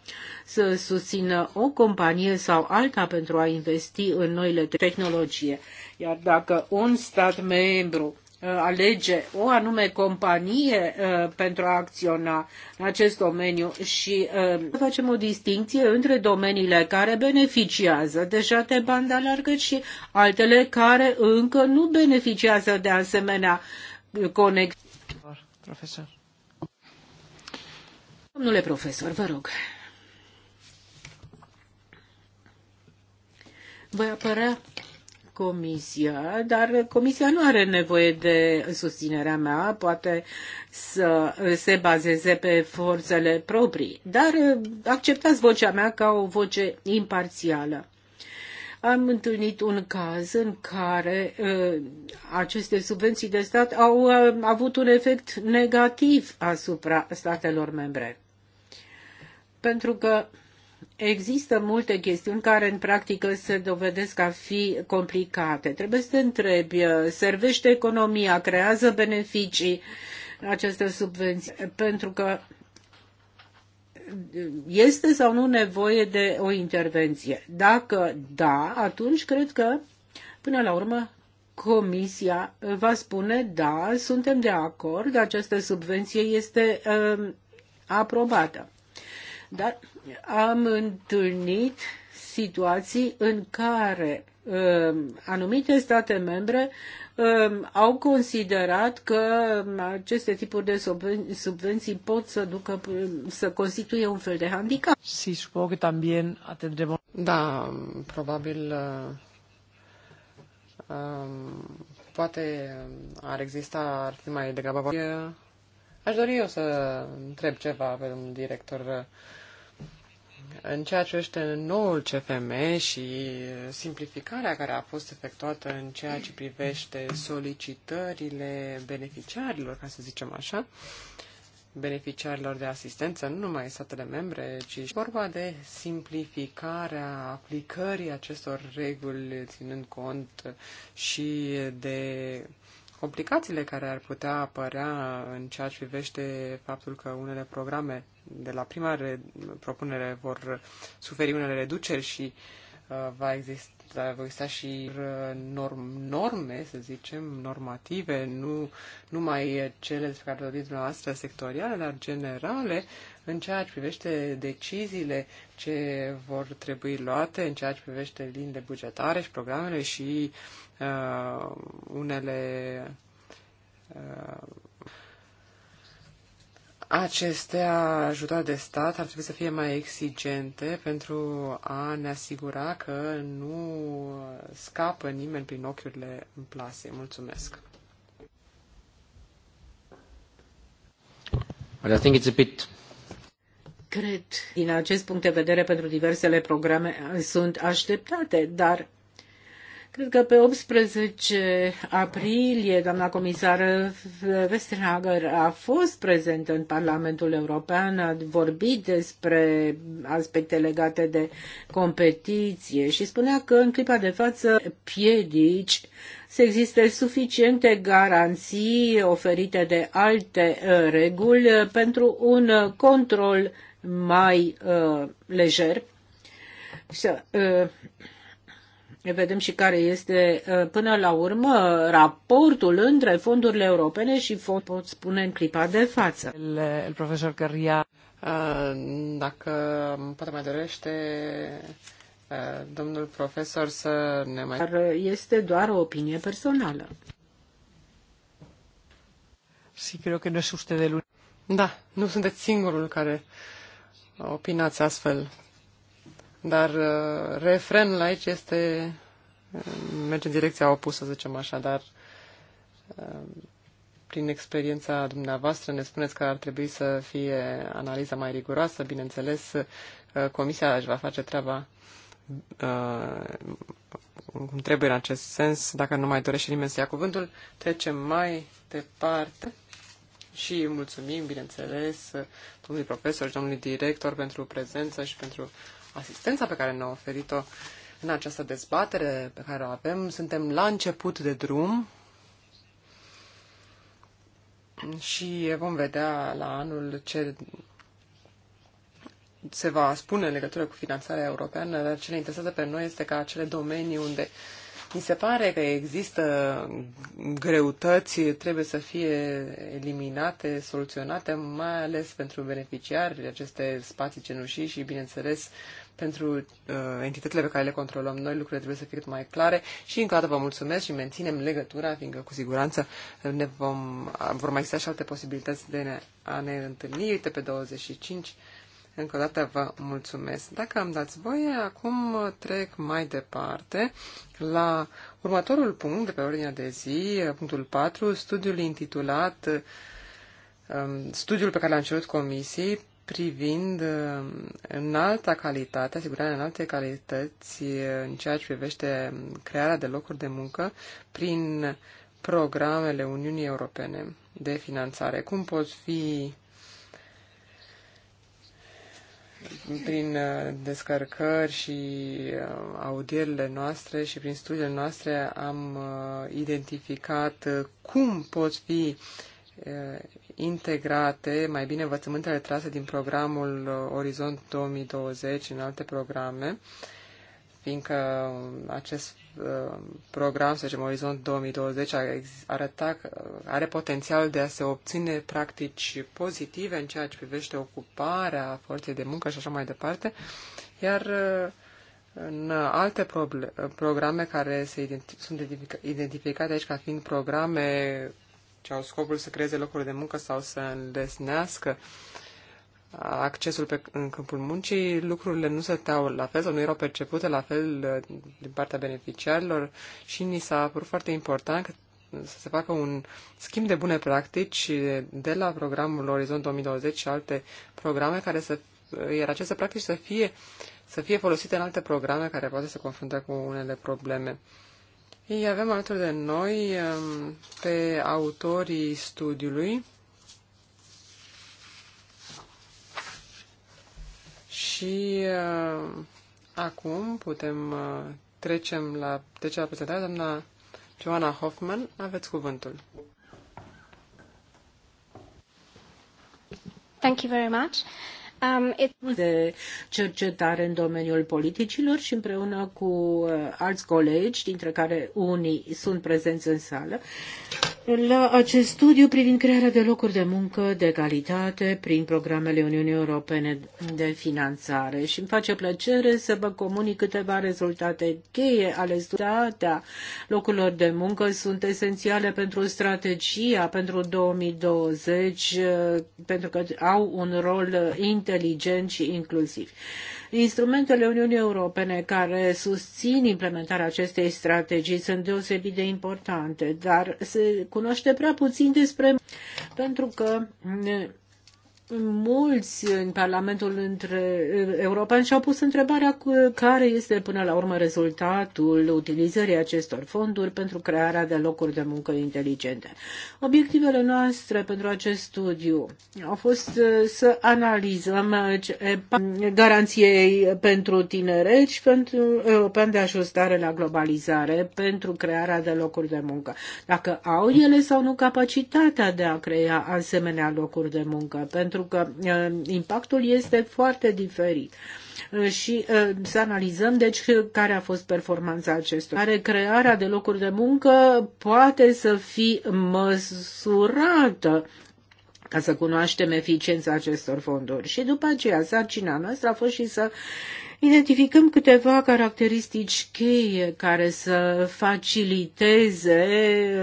Speaker 4: să susțină o companie sau alta pentru a investi în noile tehnologie, iar dacă un stat membru Uh, alege o anume companie uh, pentru a acționa în acest domeniu și uh, facem o distinție între domeniile care beneficiază deja de banda largă și altele care încă nu beneficiază de asemenea conexiune. Profesor. Domnule profesor, vă rog. Voi apărea Comisia, dar Comisia nu are nevoie de susținerea mea, poate să se bazeze pe forțele proprii, dar uh, acceptați vocea mea ca o voce imparțială. Am întâlnit un caz în care uh, aceste subvenții de stat au uh, avut un efect negativ asupra statelor membre. Pentru că Există multe chestiuni care în practică se dovedesc a fi complicate. Trebuie să te întrebi, uh, servește economia, creează beneficii aceste subvenții pentru că este sau nu nevoie de o intervenție. Dacă da, atunci cred că până la urmă Comisia va spune da, suntem de acord, această subvenție este uh, aprobată. Dar am întâlnit situații în care um, anumite state membre um, au considerat că um, aceste tipuri de subvenții pot să ducă să constituie un fel de handicap. Si, supongo que
Speaker 2: también atendremos... Da, probabil poate ar exista, ar fi mai degrabă. Aș dori eu să întreb ceva pe un director. În ceea ce este noul CFM și simplificarea care a fost efectuată în ceea ce privește solicitările beneficiarilor, ca să zicem așa, beneficiarilor de asistență, nu numai statele membre, ci vorba de simplificarea aplicării acestor reguli, ținând cont și de uh, complicațiile care ar putea apărea în ceea ce privește faptul că unele programe de la prima propunere vor suferi unele reduceri și uh, Uh, va exista, va exista și uh, norm, norme, să zicem, normative, nu numai cele despre care vorbiți dumneavoastră sectoriale, dar generale, în ceea ce privește deciziile ce vor trebui luate, în ceea ce privește de bugetare și programele și uh, unele uh, aceste ajutoare de stat ar trebui să fie mai exigente pentru a ne asigura că nu scapă nimeni prin ochiurile în plase. Mulțumesc.
Speaker 4: But I think it's a bit Cred, din acest punct de vedere, pentru diversele programe sunt așteptate, dar Cred că pe 18 aprilie, doamna comisară Westerhager a fost prezentă în Parlamentul European, a vorbit despre aspecte legate de competiție și spunea că în clipa de față piedici să existe suficiente garanții oferite de alte uh, reguli pentru un control mai uh, lejer. Să, uh, vedem și care este ă, până la urmă raportul între fondurile europene și fond, pot spune în clipa de
Speaker 2: față. El, el profesor Căria, ă, dacă poate mai dorește ă, domnul profesor să ne mai... Dar este doar o opinie personală. Și cred că nu este de Da, nu sunteți singurul care opinați astfel. Dar uh, refrenul aici este, uh, merge în direcția opusă, să zicem așa, dar uh, prin experiența dumneavoastră ne spuneți că ar trebui să fie analiza mai riguroasă, bineînțeles, comisia își va face treaba cum trebuie în acest sens. Dacă nu mai dorește nimeni să ia cuvântul, trecem mai departe și mulțumim, bineînțeles, domnului profesor și domnului director pentru prezență și pentru asistența pe care ne-a oferit-o în această dezbatere pe care o avem. Suntem la început de drum și vom vedea la anul ce se va spune în legătură cu finanțarea europeană, dar ce ne interesează pe noi este ca acele domenii unde mi se pare că există greutăți, trebuie să fie eliminate, soluționate, mai ales pentru beneficiari, aceste spații cenușii și, bineînțeles, uh, pentru uh, entitățile pe care le controlăm noi, lucrurile trebuie să fie cât mai clare și încă o dată vă mulțumesc și menținem legătura, fiindcă cu siguranță ne vom, vor mai exista și alte posibilități de ne, a ne întâlni. Uite pe 25, încă o dată vă mulțumesc. Dacă am dați voie, acum trec mai departe la următorul punct de pe ordinea de zi, punctul 4, studiul intitulat um, Studiul pe care l-am cerut comisiei privind uh, în alta calitate, asigurarea în alte calități uh, în ceea ce privește um, crearea de locuri de muncă prin programele Uniunii Europene de finanțare. Cum pot fi prin uh, descărcări și audierile noastre și prin studiile noastre am identificat cum pot fi Uh, integrate mai bine învățământele trase din programul Orizont 2020 în alte programe, fiindcă um, acest uh, program, să zicem, Orizont 2020 arăta, uh, are potențial de a se obține practici pozitive în ceea ce privește ocuparea forței de muncă și așa mai departe, iar în alte programe care se identific- sunt identificate aici ca fiind programe ce au scopul să creeze locuri de muncă sau să îndesnească accesul pe, în câmpul muncii, lucrurile nu se teau la fel sau nu erau percepute la fel uh, din partea beneficiarilor și ni s-a părut foarte important că să se facă un schimb de bune practici de la programul Orizont 2020 și alte programe care să uh, iar aceste practici să fie, să fie folosite în alte programe care poate să confruntă cu unele probleme. Ei avem alături de noi um, pe autorii studiului și um, acum putem uh, trecem la, trecerea prezentată prezentare. Doamna Joana Hoffman, aveți cuvântul. Thank
Speaker 3: you very much
Speaker 4: de cercetare în domeniul politicilor și împreună cu uh, alți colegi, dintre care unii sunt prezenți în sală, la acest studiu privind crearea de locuri de muncă de calitate prin programele Uniunii Europene de finanțare și îmi face plăcere să vă comunic câteva rezultate cheie ale studiatea locurilor de muncă sunt esențiale pentru strategia pentru 2020 uh, pentru că au un rol inter- inteligenți și inclusivi. Instrumentele Uniunii Europene care susțin implementarea acestei strategii sunt deosebit de importante, dar se cunoaște prea puțin despre pentru că mulți în Parlamentul între, European și-au pus întrebarea care este până la urmă rezultatul utilizării acestor fonduri pentru crearea de locuri de muncă inteligente. Obiectivele noastre pentru acest studiu au fost uh, să analizăm uh, garanției pentru tineret și pentru european de ajustare la globalizare pentru crearea de locuri de muncă. Dacă au ele sau nu capacitatea de a crea asemenea locuri de muncă pentru pentru că impactul este foarte diferit și să analizăm deci care a fost performanța acestora. Care crearea de locuri de muncă poate să fie măsurată ca să cunoaștem eficiența acestor fonduri. Și după aceea, sarcina noastră a fost și să identificăm câteva caracteristici cheie care să faciliteze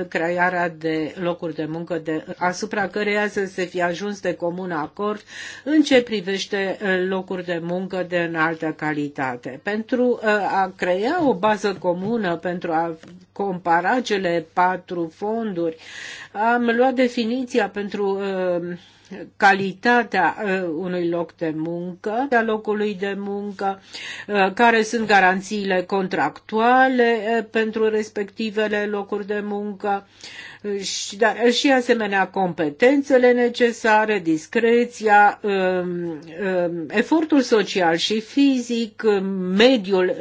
Speaker 4: crearea de locuri de muncă de, asupra căreia să se fie ajuns de comun acord în ce privește uh, locuri de muncă de înaltă calitate. Pentru uh, a crea o bază comună, pentru a compara cele patru fonduri, am luat definiția pentru uh, calitatea uh, unui loc de muncă, a locului de muncă, uh, care sunt garanțiile contractuale uh, pentru respectivele locuri de muncă, și, dar și asemenea competențele necesare, discreția, um, um, efortul social și fizic, mediul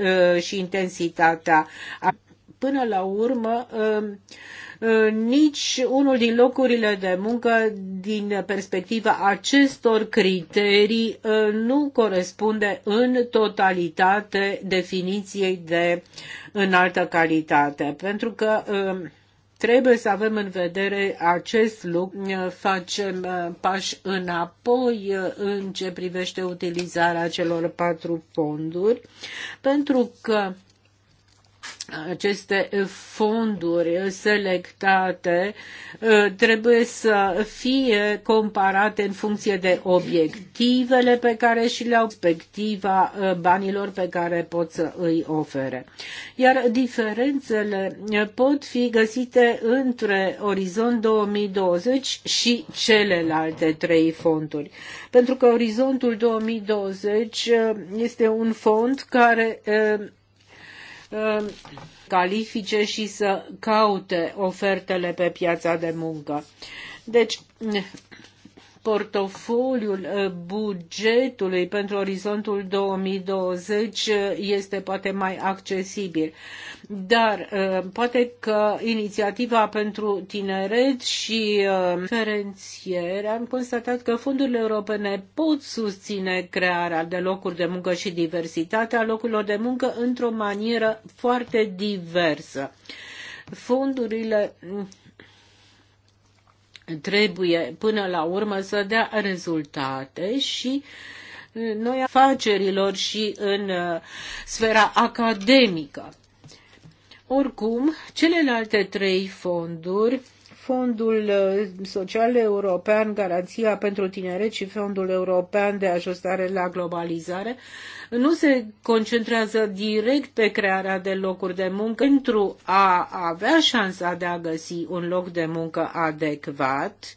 Speaker 4: și intensitatea. Până la urmă, um, nici unul din locurile de muncă din perspectiva acestor criterii nu corespunde în totalitate definiției de înaltă calitate, pentru că trebuie să avem în vedere acest lucru, facem pași înapoi în ce privește utilizarea celor patru fonduri, pentru că aceste fonduri selectate uh, trebuie să fie comparate în funcție de obiectivele pe care și le-au perspectiva uh, banilor pe care pot să îi ofere. Iar diferențele uh, pot fi găsite între Orizont 2020 și celelalte trei fonduri. Pentru că Orizontul 2020 este un fond care Uh, califice și să caute ofertele pe piața de muncă. Deci, portofoliul uh, bugetului pentru orizontul 2020 uh, este poate mai accesibil. Dar uh, poate că inițiativa pentru tineret și diferențiere, am constatat că fondurile europene pot susține crearea de locuri de muncă și diversitatea locurilor de muncă într-o manieră foarte diversă. Fondurile trebuie până la urmă să dea rezultate și uh, noi afacerilor și în uh, sfera academică. Oricum, celelalte trei fonduri Fondul uh, Social European, Garanția pentru Tineret și Fondul European de Ajustare la Globalizare nu se concentrează direct pe crearea de locuri de muncă pentru a avea șansa de a găsi un loc de muncă adecvat,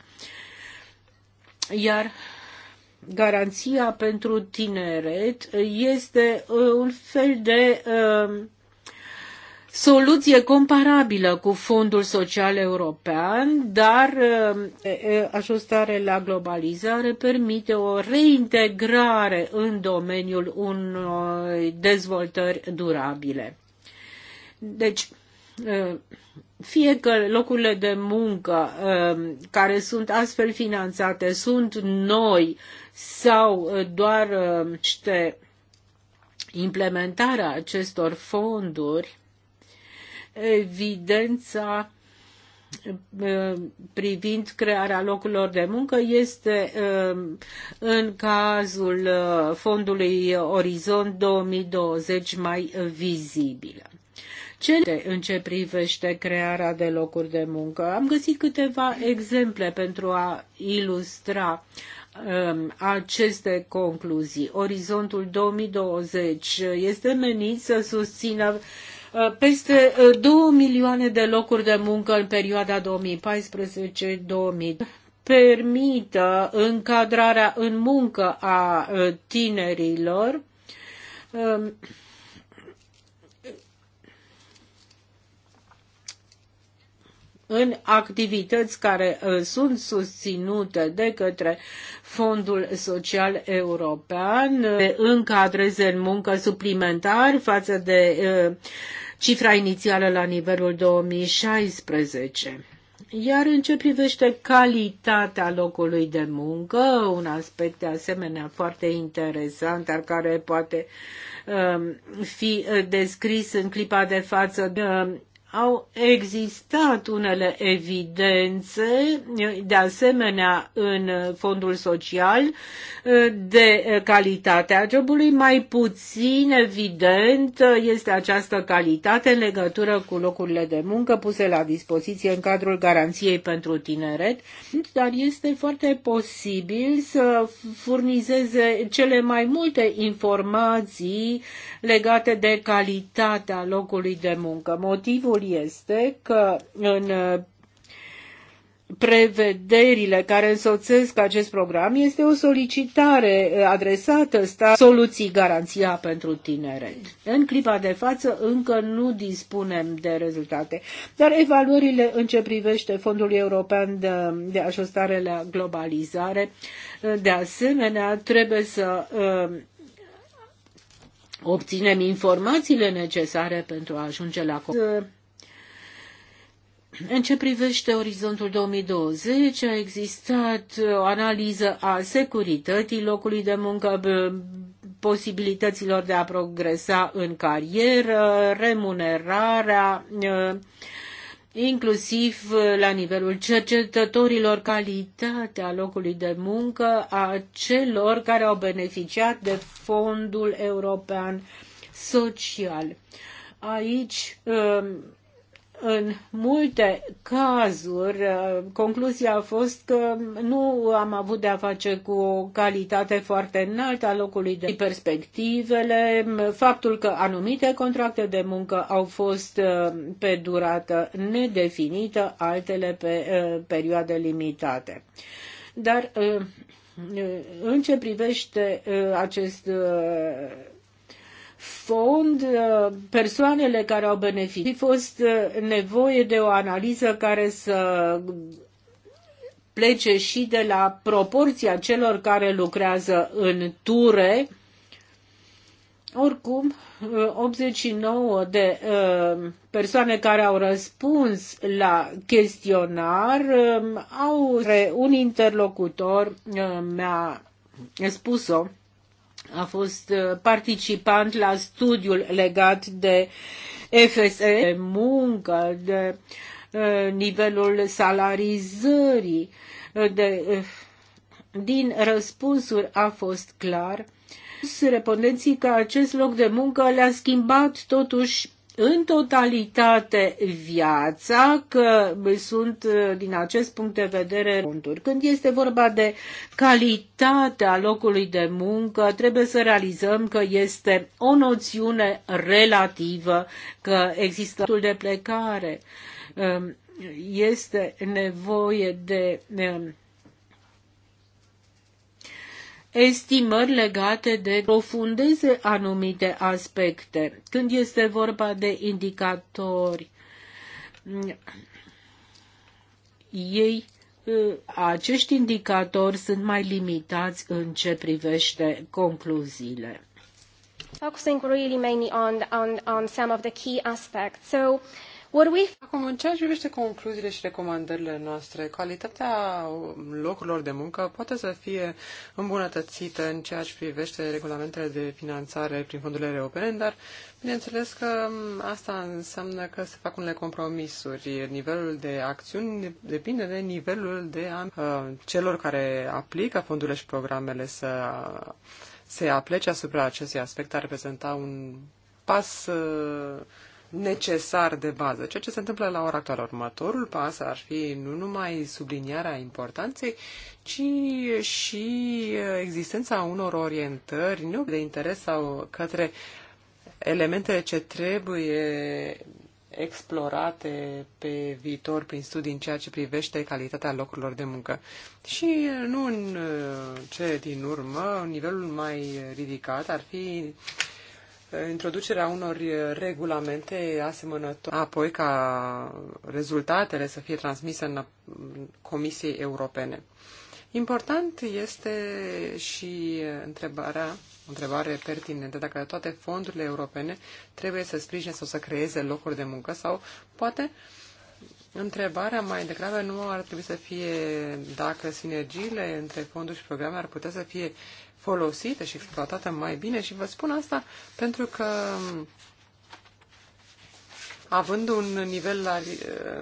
Speaker 4: iar garanția pentru tineret este uh, un fel de uh, soluție comparabilă cu Fondul Social European, dar uh, ajustare la globalizare permite o reintegrare în domeniul unei dezvoltări durabile. Deci, fie că locurile de muncă care sunt astfel finanțate sunt noi sau doar niște implementarea acestor fonduri evidența uh, privind crearea locurilor de muncă este uh, în cazul uh, fondului Orizont 2020 mai vizibilă. ce în ce privește crearea de locuri de muncă, am găsit câteva exemple pentru a ilustra um, aceste concluzii. Orizontul 2020 este menit să susțină Uh, peste 2 uh, milioane de locuri de muncă în perioada 2014-2000 permită încadrarea în muncă a uh, tinerilor um, în activități care sunt susținute de către Fondul Social European eh, încadreze în muncă suplimentar față de eh, cifra inițială la nivelul 2016. Iar în ce privește calitatea locului de muncă, un aspect de asemenea foarte interesant, dar care poate um, fi descris în clipa de față, um, au existat unele evidențe, de asemenea în fondul social, de calitatea jobului. Mai puțin evident este această calitate în legătură cu locurile de muncă puse la dispoziție în cadrul garanției pentru tineret, dar este foarte posibil să furnizeze cele mai multe informații legate de calitatea locului de muncă. Motivul Motivul este că în uh, prevederile care însoțesc acest program este o solicitare uh, adresată sta soluții garanția pentru tineret. În clipa de față încă nu dispunem de rezultate, dar evaluările în ce privește Fondul European de, de Ajustare la Globalizare, uh, de asemenea, trebuie să uh, obținem informațiile necesare pentru a ajunge la în ce privește orizontul 2020, a existat o analiză a securității locului de muncă, posibilităților de a progresa în carieră, remunerarea, inclusiv la nivelul cercetătorilor, calitatea locului de muncă a celor care au beneficiat de Fondul European Social. Aici în multe cazuri, uh, concluzia a fost că nu am avut de-a face cu o calitate foarte înaltă a locului de perspectivele, faptul că anumite contracte de muncă au fost uh, pe durată nedefinită, altele pe uh, perioade limitate. Dar în ce privește acest fond, uh, persoanele care au beneficiat, a fost uh, nevoie de o analiză care să plece și de la proporția celor care lucrează în ture. Oricum, 89 uh, de persoane care au răspuns la chestionar um, au un interlocutor mi-a spus-o a fost uh, participant la studiul legat de FSE, de muncă, de uh, nivelul salarizării. Uh, de, din răspunsuri a fost clar respondenții că acest loc de muncă le-a schimbat totuși în totalitate viața, că sunt uh, din acest punct de vedere ronduri. Când este vorba de calitatea locului de muncă, trebuie să realizăm că este o noțiune relativă, că există de plecare. Um, este nevoie de um, estimări legate de profundeze anumite aspecte. Când este vorba de indicatori, ei, acești indicatori sunt mai limitați în ce privește concluziile.
Speaker 1: Focusing really mainly on, on, on some of the key aspects. So, we... Acum, în ceea ce privește
Speaker 2: concluziile și recomandările noastre, calitatea locurilor de muncă poate să fie îmbunătățită în ceea ce privește regulamentele de finanțare prin fondurile europene, dar bineînțeles că asta înseamnă că se fac unele compromisuri. Nivelul de acțiuni depinde de nivelul de a, uh, celor care aplică fondurile și programele să se aplece asupra acestui aspect, ar reprezenta un pas A, uh, necesar de bază. Ceea ce se întâmplă la ora actuală, următorul pas ar fi nu numai sublinierea importanței, ci și existența unor orientări nu de interes sau către elementele ce trebuie explorate pe viitor prin studii în ceea ce privește calitatea locurilor de muncă. Și nu în ce din urmă, un nivelul mai ridicat ar fi introducerea unor regulamente asemănătoare, apoi ca rezultatele să fie transmise în Comisiei Europene. Important este și întrebarea, întrebare pertinentă, dacă toate fondurile europene trebuie să sprijine sau să creeze locuri de muncă sau poate întrebarea mai degrabă nu ar trebui să fie dacă sinergiile între fonduri și programe ar putea să fie folosită și exploatate mai bine și vă spun asta pentru că având un nivel, la,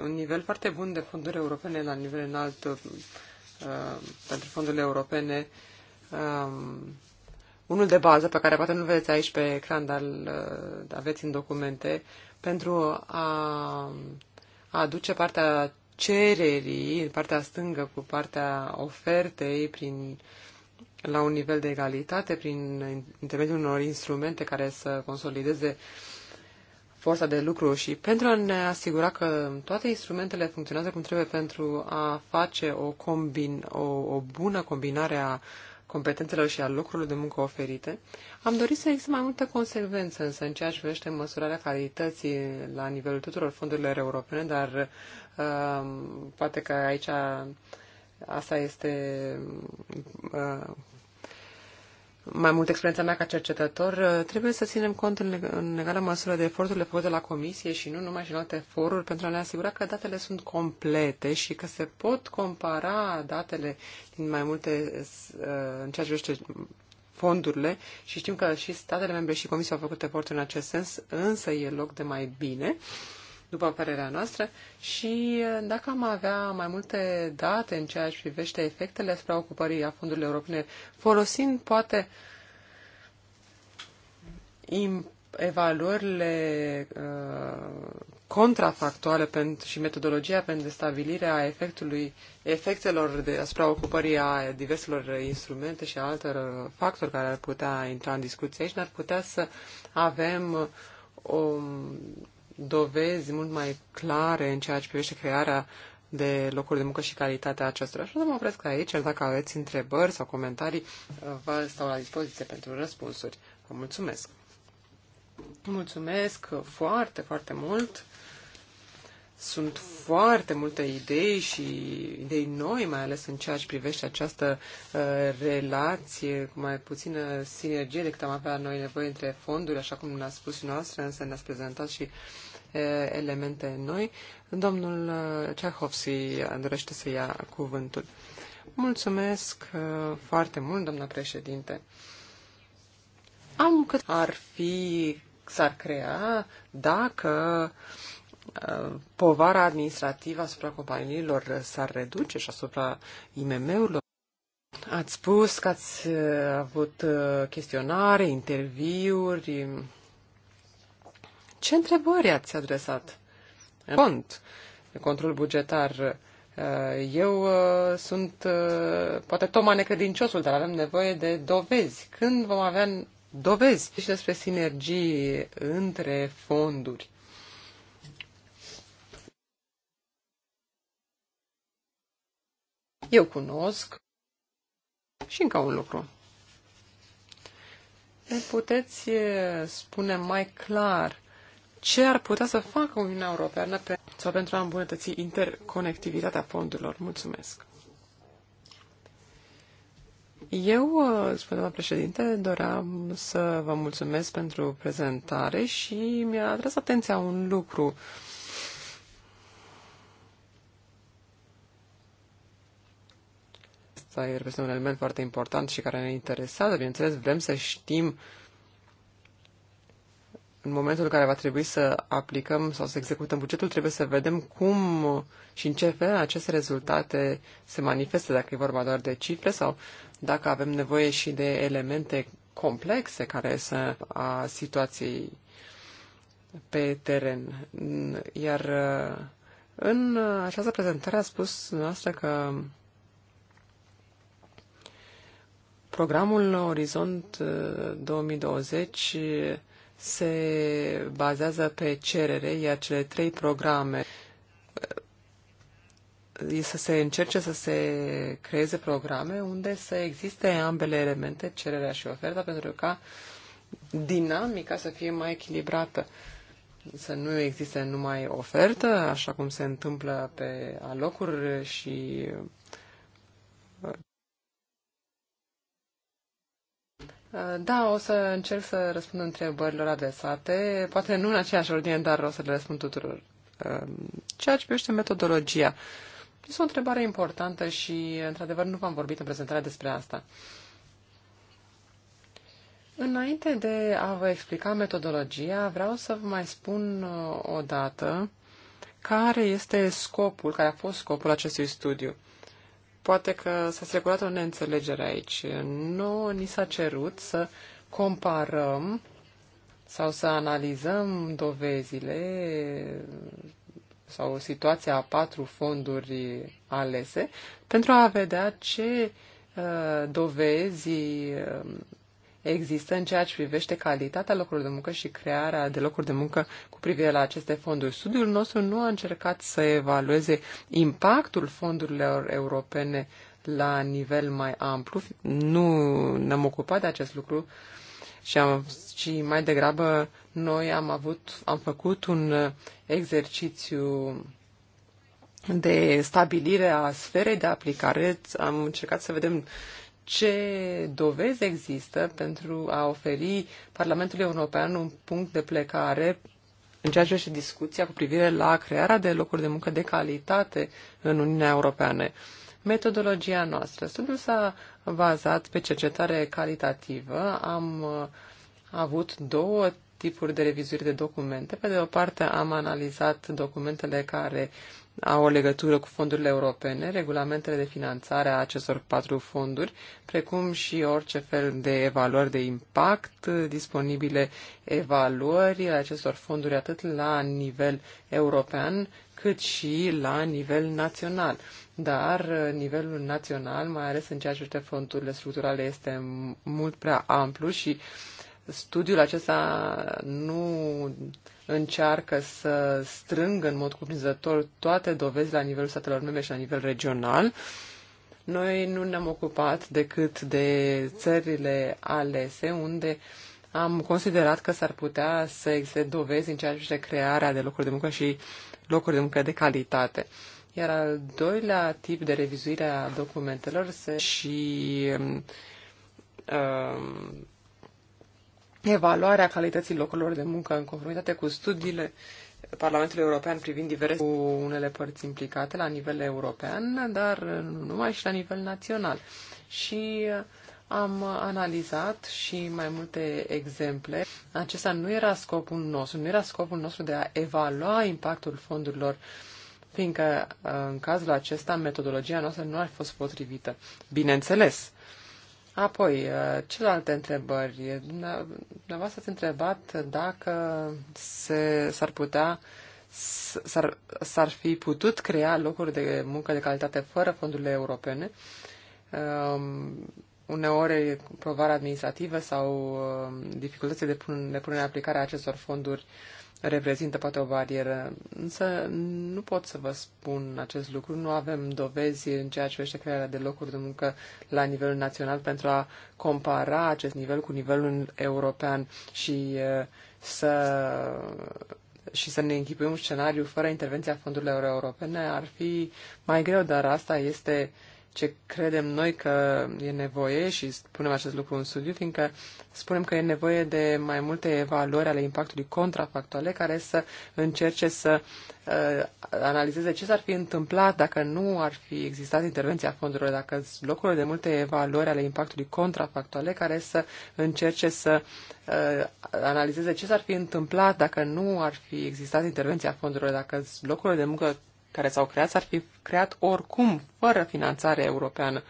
Speaker 2: un nivel foarte bun de fonduri europene la nivel înalt uh, pentru fondurile europene, um, unul de bază pe care poate nu vedeți aici pe ecran, dar uh, aveți în documente, pentru a, a aduce partea cererii, partea stângă cu partea ofertei prin uh, la un nivel de egalitate prin intermediul unor instrumente care să consolideze forța de lucru și pentru a ne asigura că toate instrumentele funcționează cum trebuie pentru a face o, combin, o, o bună combinare a competențelor și a lucrurilor de muncă oferite, am dorit să există mai multă consecvență însă în ceea ce privește măsurarea calității la nivelul tuturor fondurilor europene, dar uh, poate că aici asta este uh, mai mult experiența mea ca cercetător, uh, trebuie să ținem cont în, în egală măsură de eforturile făcute la comisie și nu numai și în alte foruri pentru a ne asigura că datele sunt complete și că se pot compara datele din mai multe, uh, în ceea ce vește fondurile și știm că și statele membre și comisia au făcut eforturi în acest sens, însă e loc de mai bine. Uh, după părerea noastră, și dacă am avea mai multe date în ceea ce privește efectele asupra ocupării a fondurilor europene, folosind poate evaluările uh, contrafactuale pentru, și metodologia pentru stabilirea efectului, efectelor de, asupra ocupării a diverselor instrumente și a altor factori care ar putea intra în discuție aici, n-ar putea să avem o, um, dovezi mult mai clare în ceea ce privește crearea de locuri de muncă și calitatea acestora. să mă opresc aici, dacă aveți întrebări sau comentarii, uh, vă stau la dispoziție pentru răspunsuri. Vă mulțumesc! Mulțumesc foarte, foarte mult! Sunt foarte multe idei și idei noi, mai ales în ceea ce privește această uh, relație cu mai puțină sinergie decât am avea noi nevoie între fonduri, așa cum ne-a spus și noastră, însă ne-ați prezentat și uh, elemente noi. Domnul Ceahovski dorește să ia cuvântul. Mulțumesc foarte mult, doamna președinte. Am cât ar fi, s-ar crea dacă povara administrativă asupra companiilor s-ar reduce și asupra IMM-urilor. Ați spus că ați avut chestionare, interviuri, ce întrebări ați adresat? Cont, control bugetar. Uh, eu uh, sunt uh, poate Toma necredinciosul, dar avem nevoie de dovezi. Când vom avea dovezi și despre sinergii între fonduri? Eu cunosc și încă un lucru. Ne puteți spune mai clar ce ar putea să facă Uniunea Europeană pe, sau pentru a îmbunătăți interconectivitatea fondurilor. Mulțumesc. Eu, uh, spune doamna președinte, doream să vă mulțumesc pentru prezentare și mi-a atras atenția un lucru. Asta este un element foarte important și care ne interesează. Bineînțeles, vrem să știm uh, în momentul în care va trebui să aplicăm sau să executăm bugetul, trebuie să vedem cum și în ce fel aceste rezultate se manifestă, dacă e vorba doar de cifre sau dacă avem nevoie și de elemente complexe care să a situației pe teren. Iar uh, în această prezentare a spus noastră că programul Orizont 2020 uh, se bazează pe cerere, iar cele trei programe e să se încerce să se creeze programe unde să existe ambele elemente, cererea și oferta, pentru ca dinamica să fie mai echilibrată. Să nu existe numai ofertă, așa cum se întâmplă pe alocuri și Uh, da, o să încerc să răspund întrebărilor adresate, poate nu în aceeași ordine, dar o să le răspund tuturor. Uh, ceea ce privește metodologia, este o întrebare importantă și, într-adevăr, nu v-am vorbit în prezentarea despre asta. Înainte de a vă explica metodologia, vreau să vă mai spun uh, o dată care este scopul, care a fost scopul acestui studiu. Poate că s-a strecurat o neînțelegere aici. Nu ni s-a cerut să comparăm sau să analizăm dovezile sau situația a patru fonduri alese pentru a vedea ce uh, dovezi um, există în ceea ce privește calitatea locurilor de muncă și crearea de locuri de muncă cu privire la aceste fonduri. Studiul nostru nu a încercat să evalueze impactul fondurilor europene la nivel mai amplu. Nu ne-am ocupat de acest lucru și, am, și mai degrabă noi am, avut, am făcut un exercițiu de stabilire a sferei de aplicare. Am încercat să vedem ce dovezi există pentru a oferi Parlamentului European un punct de plecare în ceea ce și discuția cu privire la crearea de locuri de muncă de calitate în Uniunea Europeană. Metodologia noastră. Studiul s-a bazat pe cercetare calitativă. Am uh, avut două tipuri de revizuiri de documente. Pe de o parte am analizat documentele care au o legătură cu fondurile europene, regulamentele de finanțare a acestor patru fonduri, precum și orice fel de evaluări de impact, disponibile evaluări acestor fonduri atât la nivel european cât și la nivel național. Dar nivelul național, mai ales în ceea ce privește fondurile structurale, este mult prea amplu și studiul acesta nu încearcă să strângă în mod cuprinzător toate dovezi la nivelul statelor membre și la nivel regional. Noi nu ne-am ocupat decât de țările alese unde am considerat că s-ar putea să existe dovezi în ceea ce privește crearea de locuri de muncă și locuri de muncă de calitate. Iar al doilea tip de revizuire a documentelor se și um, evaluarea calității locurilor de muncă în conformitate cu studiile Parlamentului European privind diverse cu unele părți implicate la nivel european, dar nu numai și la nivel național. Și uh, am analizat și mai multe exemple. Acesta nu era scopul nostru, nu era scopul nostru de a evalua impactul fondurilor fiindcă uh, în cazul acesta metodologia noastră nu ar fost potrivită. Bineînțeles, Apoi, uh, celelalte întrebări. Dumneavoastră ați întrebat dacă se, s-ar putea, s-ar, s-ar fi putut crea locuri de muncă de calitate fără fondurile europene. Um, uneori provarea administrativă sau uh, dificultățile de, pun, de punere în aplicare a acestor fonduri uh, reprezintă poate o barieră, însă nu pot să vă spun acest lucru. Nu avem dovezi în ceea ce privește crearea de locuri de muncă la nivel național pentru a compara acest nivel cu nivelul european și uh, să și să ne închipuim un scenariu fără intervenția fondurilor europene ar fi mai greu, dar asta este uh, ce credem noi că e nevoie și spunem acest lucru în studiu, fiindcă spunem că e nevoie de mai multe evaluări ale impactului contrafactuale care să încerce să uh, analizeze ce s-ar fi întâmplat dacă nu ar fi existat intervenția fondurilor, dacă locurile de multe evaluări ale impactului contrafactuale care să încerce să uh, analizeze ce s-ar fi întâmplat dacă nu ar fi existat intervenția fondurilor, dacă locurile de muncă care s-au creat s-ar fi creat oricum, fără finanțare europeană.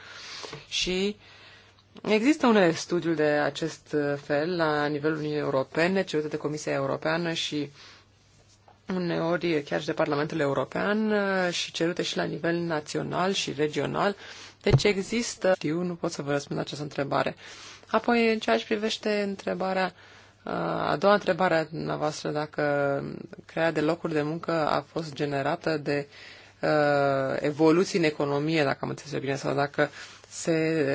Speaker 2: Și există un studiu de acest fel la nivelul Uniunii Europene, cerute de Comisia Europeană și uneori chiar și de Parlamentul European și cerute și la nivel național și regional. Deci există... Știu, nu pot să vă răspund la această întrebare. Apoi, în ceea ce privește întrebarea uh, a doua întrebare a dumneavoastră, dacă crearea de locuri de muncă a fost generată de uh, evoluții în economie, dacă am înțeles bine, sau dacă se,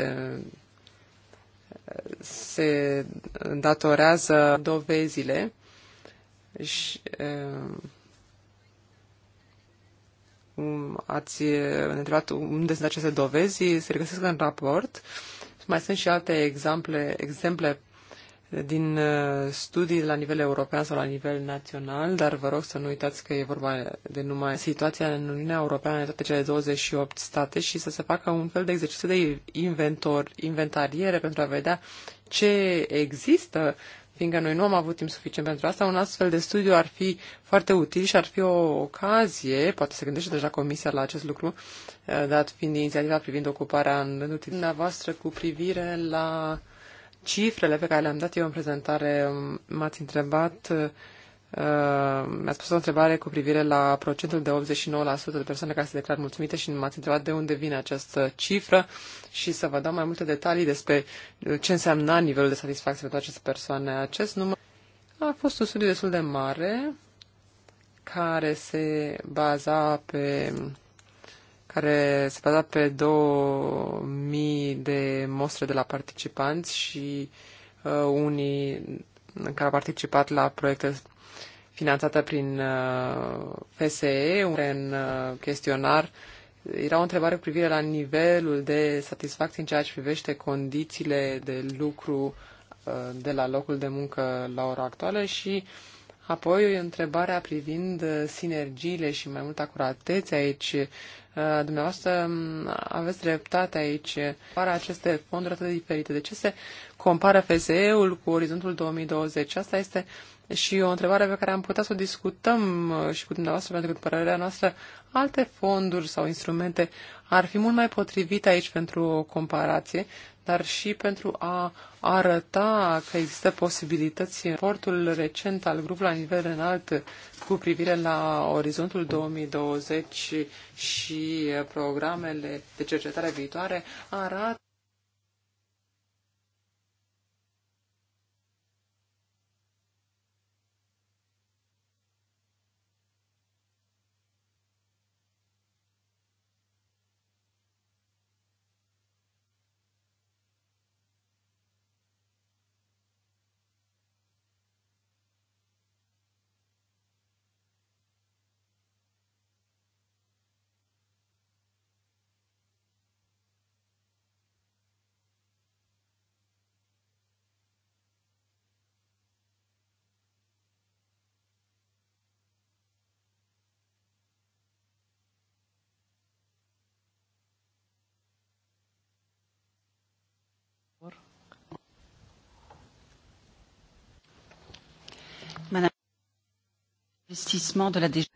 Speaker 2: se datorează dovezile și uh, um, ați uh, întrebat unde sunt aceste dovezi, se regăsesc în raport. Mai sunt și alte exemple, exemple din uh, studii la nivel european sau la nivel național, dar vă rog să nu uitați că e vorba de numai situația în Uniunea Europeană în toate cele 28 state și să se facă un fel de exercițiu de inventor, inventariere pentru a vedea ce există, fiindcă noi nu am avut timp suficient pentru asta, un astfel de studiu ar fi foarte util și ar fi o ocazie, poate se gândește deja Comisia la acest lucru, uh, dat fiind inițiativa privind ocuparea în rândul dumneavoastră cu privire la Cifrele pe care le-am dat eu în prezentare, m-ați întrebat, uh, mi-ați pus o întrebare cu privire la procentul de 89% de persoane care se declar mulțumite și m-ați întrebat de unde vine această cifră și să vă dau mai multe detalii despre uh, ce înseamnă nivelul de satisfacție pentru aceste persoane. Acest număr a fost un studiu destul de mare care se baza pe care se baza pe 2000 de mostre de la participanți și uh, unii care au participat la proiecte finanțate prin uh, FSE, în uh, chestionar era o întrebare cu privire la nivelul de satisfacție în ceea ce privește condițiile de lucru uh, de la locul de muncă la ora actuală și uh, Apoi, întrebarea privind uh, sinergiile și mai multă acuratețe aici. Uh, dumneavoastră um, aveți dreptate aici. Pare aceste fonduri atât de diferite. De ce se compară FSE-ul cu Orizontul 2020? Asta este și o întrebare pe care am putea să o discutăm uh, și cu dumneavoastră, pentru că, după părerea noastră, alte fonduri sau instrumente ar fi mult mai potrivite aici pentru o comparație, dar și pentru a arăta că există posibilități. Portul recent al grupului la nivel înalt cu privire la orizontul 2020 și programele de cercetare viitoare arată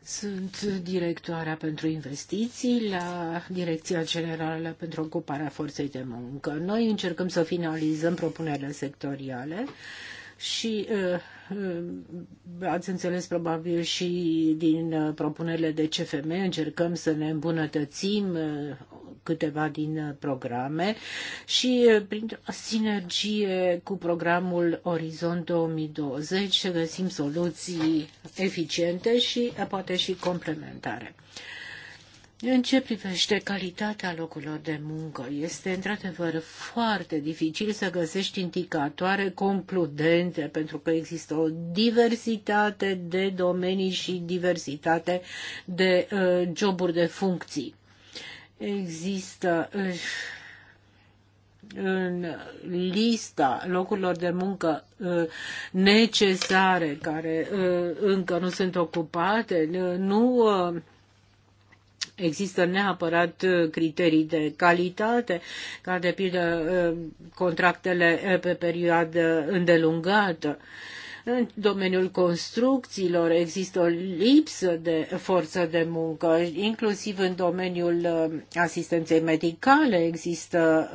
Speaker 4: Sunt directoarea pentru investiții la Direcția Generală pentru Ocuparea Forței de Muncă. Noi încercăm să finalizăm propunerile sectoriale și uh, uh, ați înțeles probabil și din uh, propunerile de CFM, încercăm să ne îmbunătățim câteva din programe și printr-o sinergie cu programul Orizont 2020 găsim soluții eficiente și poate și complementare. În ce privește calitatea locurilor de muncă, este într-adevăr foarte dificil să găsești indicatoare concludente, pentru că există o diversitate de domenii și diversitate de uh, joburi de funcții. Există uh, în lista locurilor de muncă uh, necesare care uh, încă nu sunt ocupate, uh, nu Există neapărat uh, criterii de calitate, ca de pildă uh, contractele uh, pe perioadă îndelungată. În domeniul construcțiilor există o lipsă de forță de muncă, inclusiv în domeniul asistenței medicale există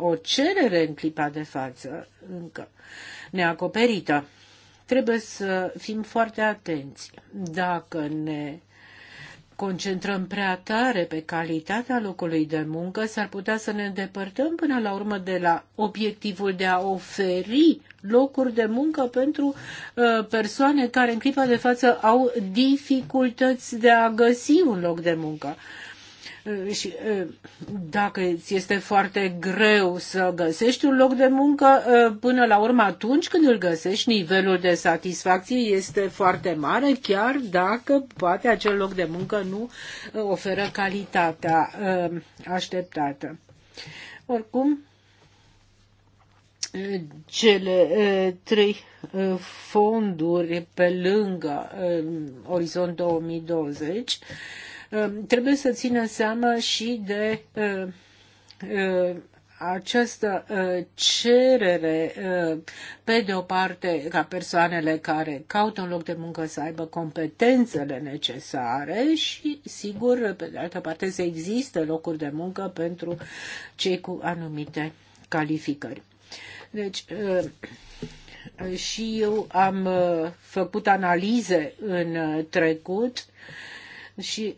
Speaker 4: o cerere în clipa de față încă neacoperită. Trebuie să fim foarte atenți. Dacă ne concentrăm prea tare pe calitatea locului de muncă, s-ar putea să ne îndepărtăm până la urmă de la obiectivul de a oferi locuri de muncă pentru uh, persoane care în clipa de față au dificultăți de a găsi un loc de muncă. Uh, și dacă îți este foarte greu să găsești un loc de muncă, până la urmă atunci când îl găsești, nivelul de satisfacție este foarte mare, chiar dacă poate acel loc de muncă nu oferă calitatea așteptată. Oricum, cele trei fonduri pe lângă Orizont 2020 Um, trebuie să țină seama și de um, uh, această uh, cerere, uh, pe de o parte, ca persoanele care caută un loc de muncă să aibă competențele necesare și, sigur, pe de altă parte, să existe locuri de muncă pentru cei cu anumite calificări. Deci, și eu am făcut analize în trecut și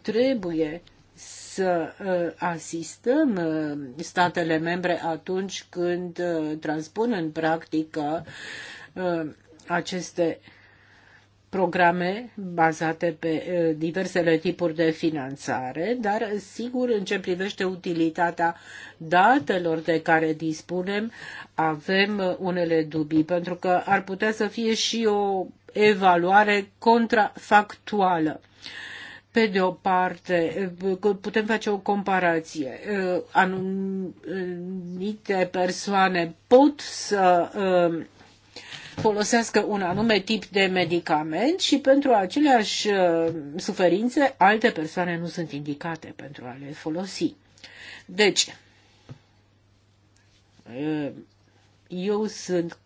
Speaker 4: trebuie să asistăm statele membre atunci când transpun în practică aceste programe bazate pe diversele tipuri de finanțare, dar sigur în ce privește utilitatea datelor de care dispunem, avem unele dubii, pentru că ar putea să fie și o evaluare contrafactuală. Pe de o parte, putem face o comparație. Anumite persoane pot să um, folosească un anume tip de medicament și pentru aceleași um, suferințe alte persoane nu sunt indicate pentru a le folosi. Deci, um, eu sunt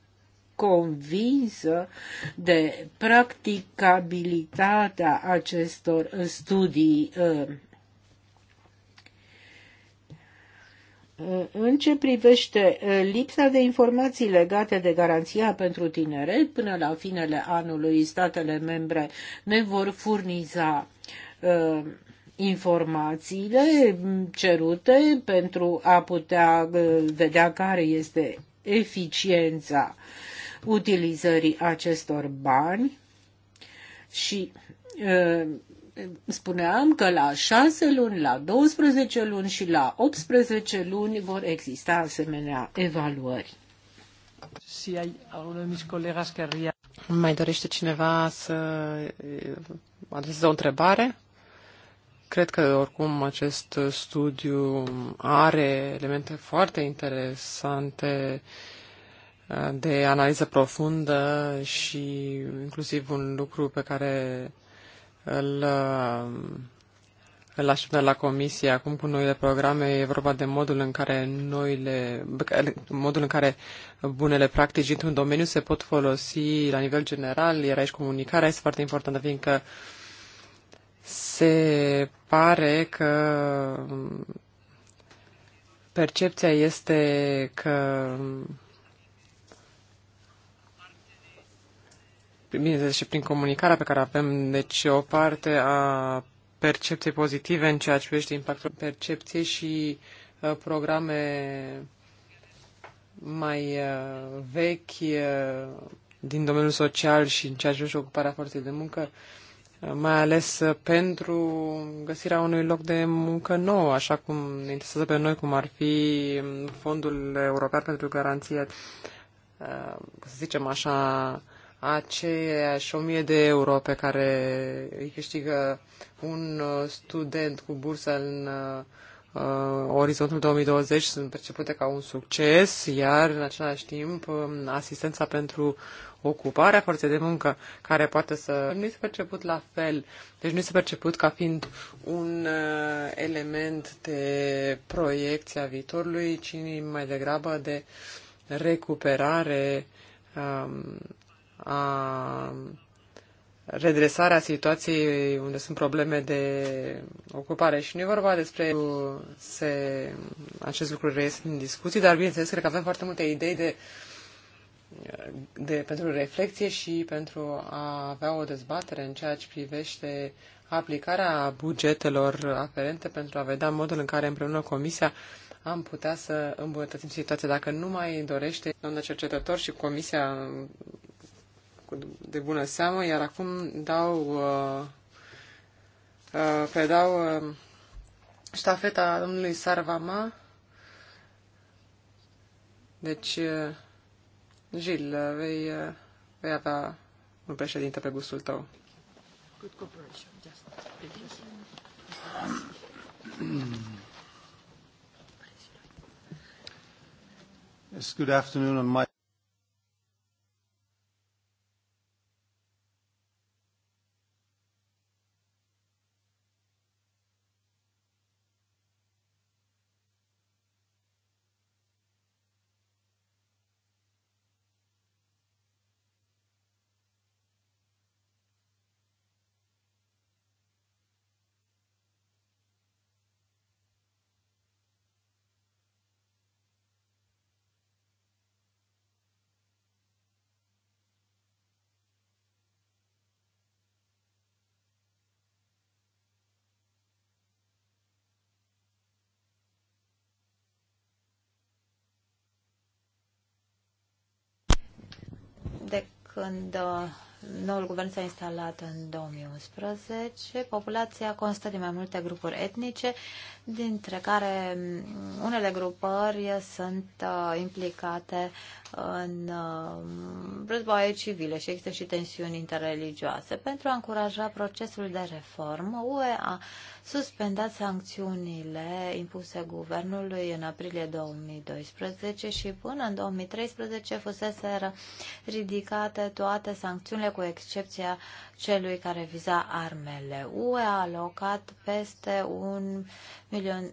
Speaker 4: convinsă de practicabilitatea acestor studii uh, uh, În ce privește uh, lipsa de informații legate de garanția pentru tineret, până la finele anului statele membre ne vor furniza informațiile cerute pentru a putea vedea care este eficiența uh, utilizării acestor bani și spuneam că la 6 luni, la 12 luni și la 18 luni vor
Speaker 2: exista asemenea evaluări. Mai dorește cineva să adreseze o întrebare? Cred că oricum acest studiu are elemente foarte interesante de analiză profundă și inclusiv un lucru pe care îl, îl așteptăm la comisie acum cu noile programe. E vorba de modul în care noile, modul în care bunele practici într-un domeniu se pot folosi la nivel general, iar aici comunicarea este foarte importantă, fiindcă se pare că percepția este că bineînțeles și prin comunicarea pe care avem, deci o parte a percepției pozitive în ceea ce privește impactul percepției și uh, programe mai uh, vechi uh, din domeniul social și în ceea ce privește ocuparea forței de muncă, uh, mai ales uh, pentru găsirea unui loc de muncă nou, așa cum ne interesează pe noi, cum ar fi um, Fondul European pentru Garanție, uh, să zicem așa, aceeași 1000 de euro pe care îi câștigă un uh, student cu bursă în uh, uh Orizontul 2020 sunt percepute ca un succes, iar în același timp um, asistența pentru ocuparea forței de muncă care poate să nu este perceput la fel, deci nu este perceput ca fiind un uh, element de proiecție a viitorului, ci mai degrabă de recuperare um, a redresarea situației unde sunt probleme de ocupare și nu e vorba despre se, acest lucru reiese în discuții, dar bineînțeles cred că avem foarte multe idei de, de, pentru reflexie și pentru a avea o dezbatere în ceea ce privește aplicarea bugetelor aferente pentru a vedea modul în care împreună Comisia am putea să îmbunătățim situația. Dacă nu mai dorește doamna cercetător și Comisia de bună seamă, iar acum dau, uh, uh, predau uh, ștafeta domnului Sarvama. Deci, uh, Gil, uh, vei, uh, vei avea un președinte pe gustul tău.
Speaker 1: Good cooperation, just. Yes, good afternoon on my
Speaker 3: când uh, noul guvern s-a instalat în 2011, populația constă din mai multe grupuri etnice, dintre care mm, unele grupări sunt uh, implicate în uh, războaie civile și există și tensiuni interreligioase. Pentru a încuraja procesul de reformă, UE a suspendat sancțiunile impuse guvernului în aprilie 2012 și până în 2013 fusese ridicate toate sancțiunile cu excepția celui care viza armele. UE a alocat peste un milion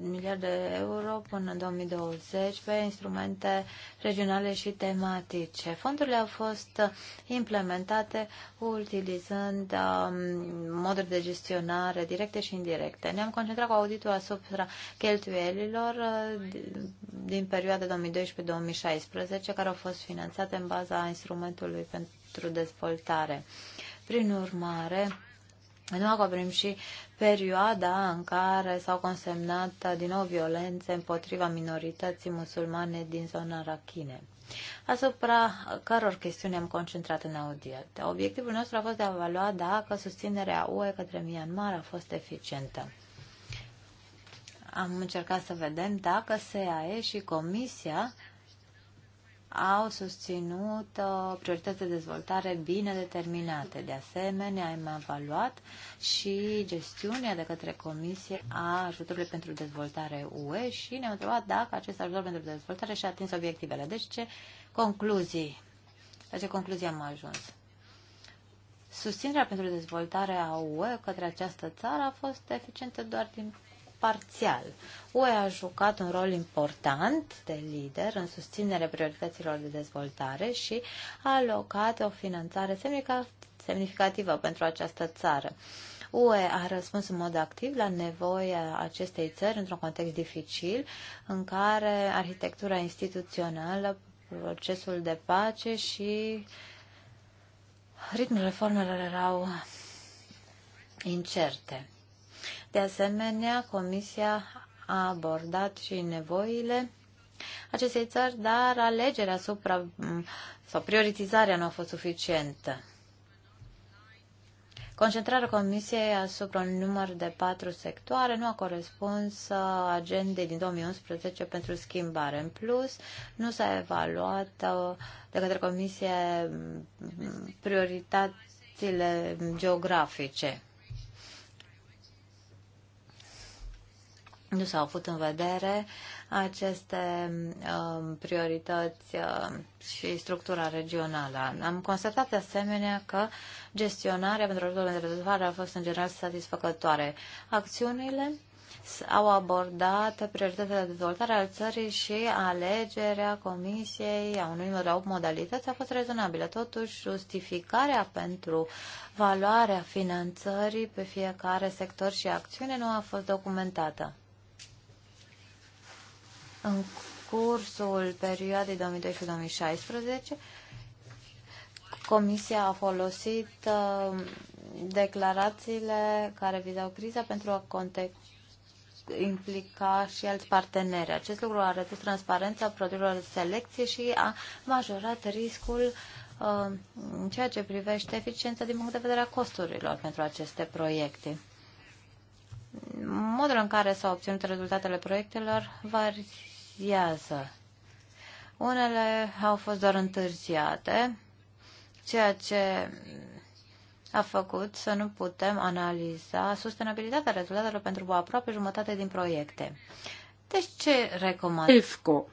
Speaker 3: miliarde de euro până în 2020 pe instrumente regionale și tematice. Fondurile au fost implementate utilizând um, moduri de gestionare directe și indirecte. Ne-am concentrat cu auditul asupra cheltuielilor uh, din perioada 2012-2016, care au fost finanțate în baza instrumentului pentru dezvoltare. Prin urmare, nu acoperim și perioada în care s-au consemnat din nou violențe împotriva minorității musulmane din zona Rakhine, asupra căror chestiuni am concentrat în audiere. Obiectivul nostru a fost de a evalua dacă susținerea UE către Myanmar a fost eficientă. Am încercat să vedem dacă SAE și Comisia au susținut uh, priorități de dezvoltare bine determinate. De asemenea, am evaluat și gestiunea de către Comisie a ajutorului pentru dezvoltare UE și ne-am întrebat dacă acest ajutor pentru dezvoltare și-a atins obiectivele. Deci, ce concluzii? La ce concluzii am ajuns? Susținerea pentru dezvoltare a UE către această țară a fost eficientă doar din parțial. UE a jucat un rol important de lider în susținerea priorităților de dezvoltare și a alocat o finanțare semnificativă pentru această țară. UE a răspuns în mod activ la nevoia acestei țări într-un context dificil în care arhitectura instituțională, procesul de pace și ritmul reformelor erau incerte. De asemenea, Comisia a abordat și nevoile acestei țări, dar alegerea supra, sau prioritizarea nu a fost suficientă. Concentrarea Comisiei asupra un număr de patru sectoare nu a corespuns agendei din 2011 pentru schimbare. În plus, nu s-a evaluat uh, de către Comisie prioritățile geografice. nu s-au avut în vedere aceste um, priorități uh, și structura regională. Am constatat de asemenea că gestionarea pentru ajutorul de rezolvare a fost în general satisfăcătoare. Acțiunile au abordat prioritatea de dezvoltare al țării și alegerea comisiei a unui număr de modalități a fost rezonabilă. Totuși, justificarea pentru valoarea finanțării pe fiecare sector și acțiune nu a fost documentată în cursul perioadei 2012-2016, Comisia a folosit uh, declarațiile care vizau criza pentru a context implica și alți parteneri. Acest lucru a redus transparența produselor de selecție și a majorat riscul uh, în ceea ce privește eficiența din punct de vedere a costurilor pentru aceste proiecte. Modul în care s-au obținut rezultatele proiectelor întârziază. Unele au fost doar întârziate, ceea ce a făcut să nu putem analiza sustenabilitatea rezultatelor pentru aproape jumătate din proiecte. Deci ce
Speaker 4: recomand? EFCO.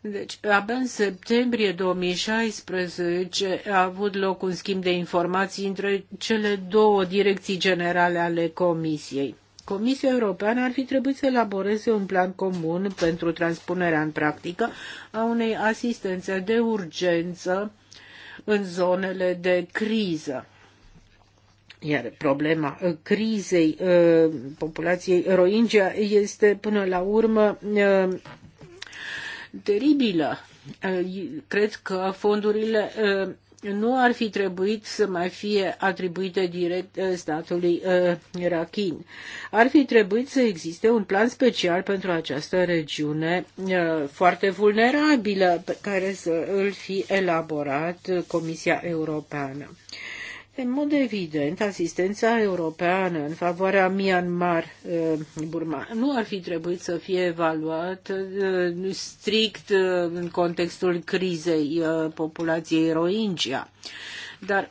Speaker 4: Deci, abia în septembrie 2016 a avut loc un schimb de informații între cele două direcții generale ale Comisiei. Comisia Europeană ar fi trebuit să elaboreze un plan comun pentru transpunerea în practică a unei asistențe de urgență în zonele de criză. Iar problema uh, crizei uh, populației rohingya este până la urmă uh, teribilă. Cred că fondurile nu ar fi trebuit să mai fie atribuite direct eh, statului uh, irachin. Ar fi trebuit să existe un plan special pentru această regiune uh, foarte vulnerabilă, pe care să îl fi elaborat Comisia Europeană. Uh, în mod evident, asistența europeană în favoarea Myanmar-Burma uh, nu ar fi trebuit să fie evaluată uh, strict uh, în contextul crizei populației Rohingya. Dar,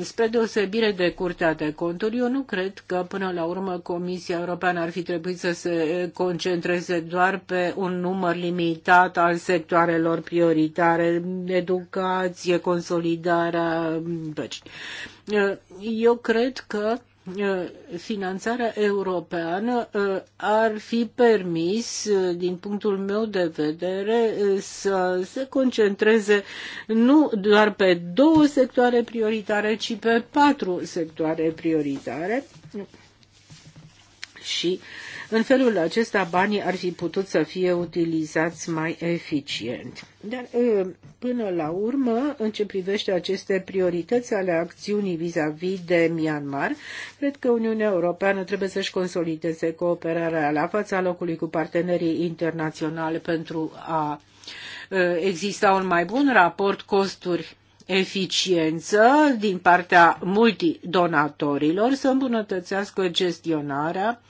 Speaker 4: spre deosebire de Curtea de Conturi, eu nu cred că, până la urmă, Comisia Europeană ar fi trebuit să se concentreze doar pe un număr limitat al sectoarelor prioritare, educație, consolidarea. Deci, eu cred că Eh, finanțarea europeană eh, ar fi permis, eh, din punctul meu de vedere, să se concentreze nu doar pe două sectoare prioritare, ci pe patru sectoare prioritare. Și uh, în felul acesta, banii ar fi putut să fie utilizați mai eficient. Dar, ă, până la urmă, în ce privește aceste priorități ale acțiunii vis-a-vis -vis de Myanmar, cred că Uniunea Europeană trebuie să-și consolideze cooperarea la fața locului cu partenerii internaționale pentru a ă, exista un mai bun raport costuri eficiență din partea multidonatorilor să îmbunătățească gestionarea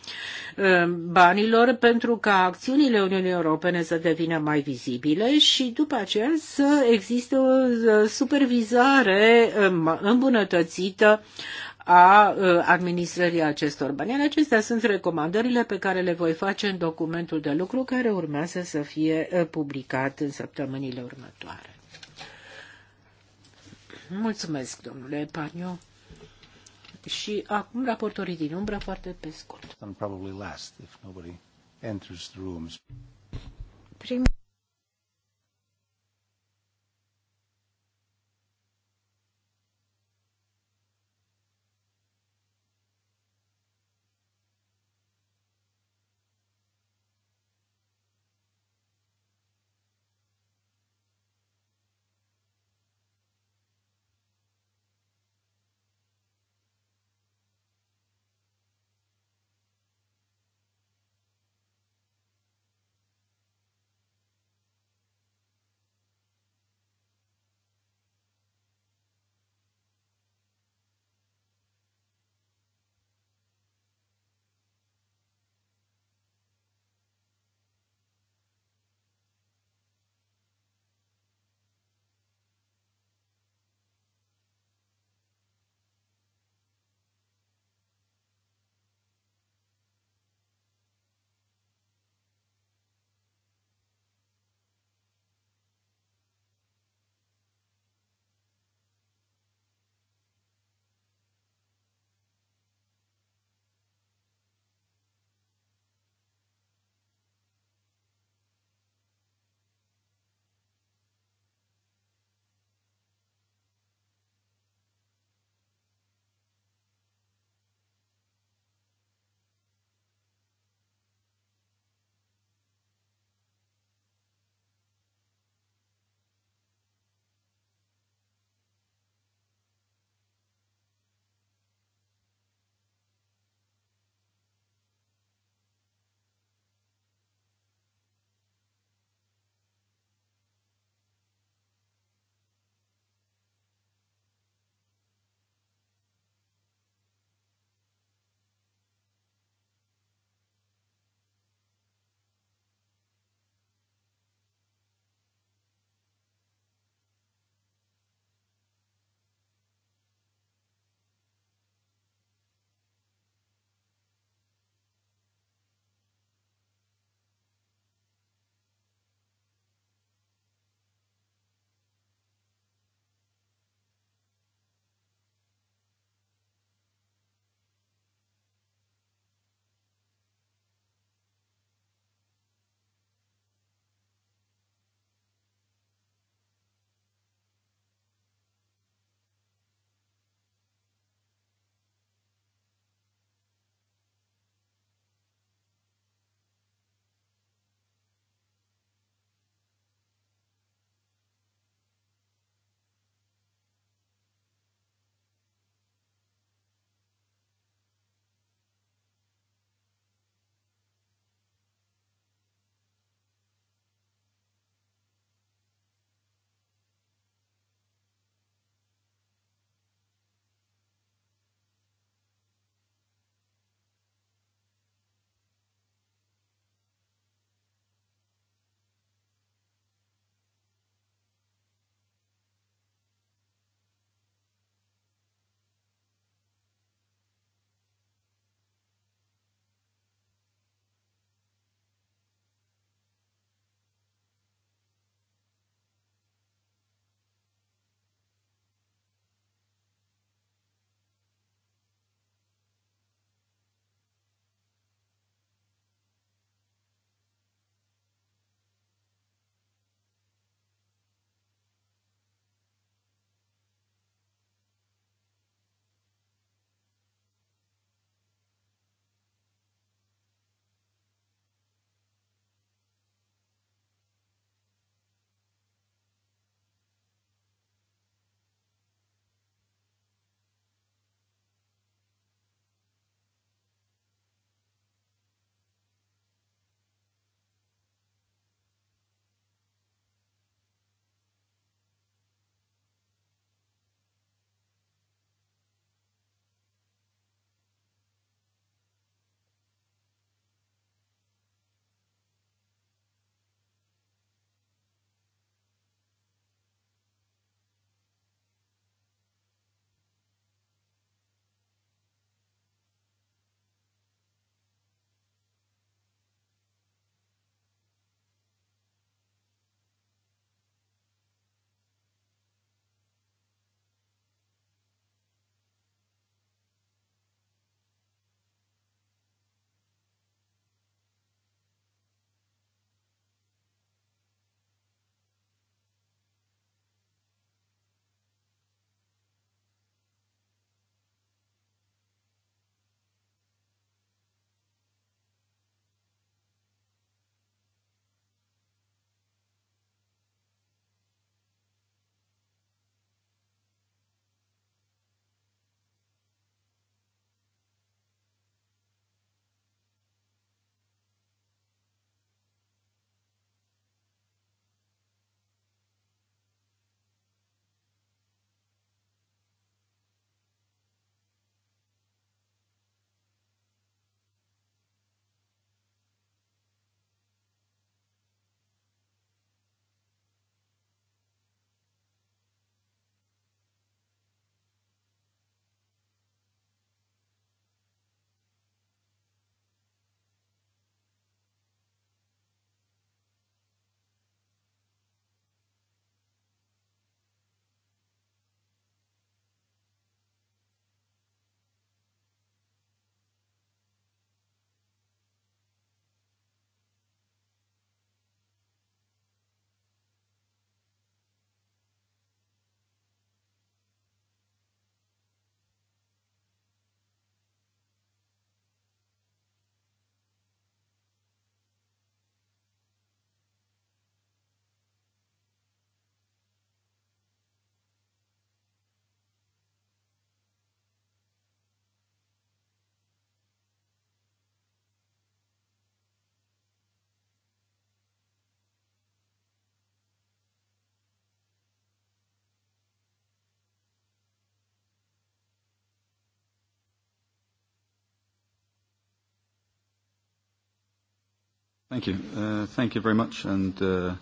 Speaker 4: eh, banilor pentru ca acțiunile Uniunii Europene să devină mai vizibile și după aceea să existe o eh, supervizare eh, îmbunătățită a administrării acestor bani. acestea sunt recomandările pe care le voi face în documentul de lucru care urmează să fie publicat în săptămânile următoare. Mulțumesc, domnule Paniu. Și acum raportorii din umbră foarte pe scurt.
Speaker 3: Primul
Speaker 1: Thank you. Uh, thank you very much and uh,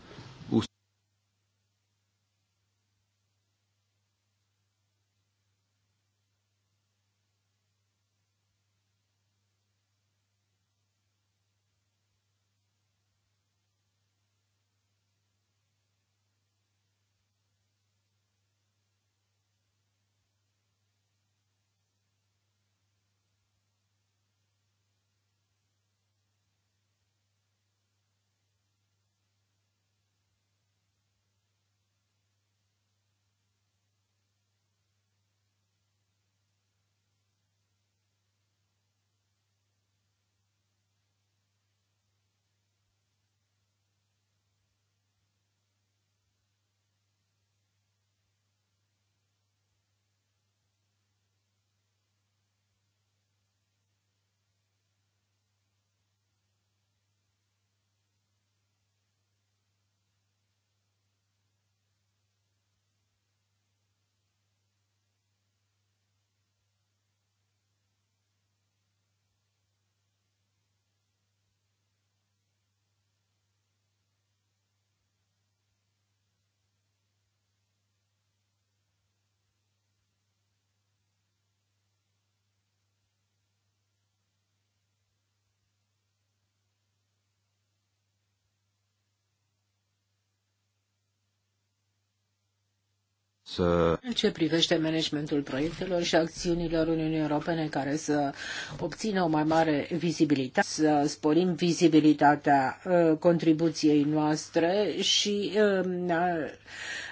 Speaker 1: să...
Speaker 4: În ce privește managementul proiectelor și acțiunilor Uniunii Europene care să obțină o mai mare vizibilitate, să sporim vizibilitatea uh, contribuției noastre și uh,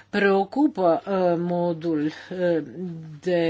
Speaker 4: preocupă uh, modul de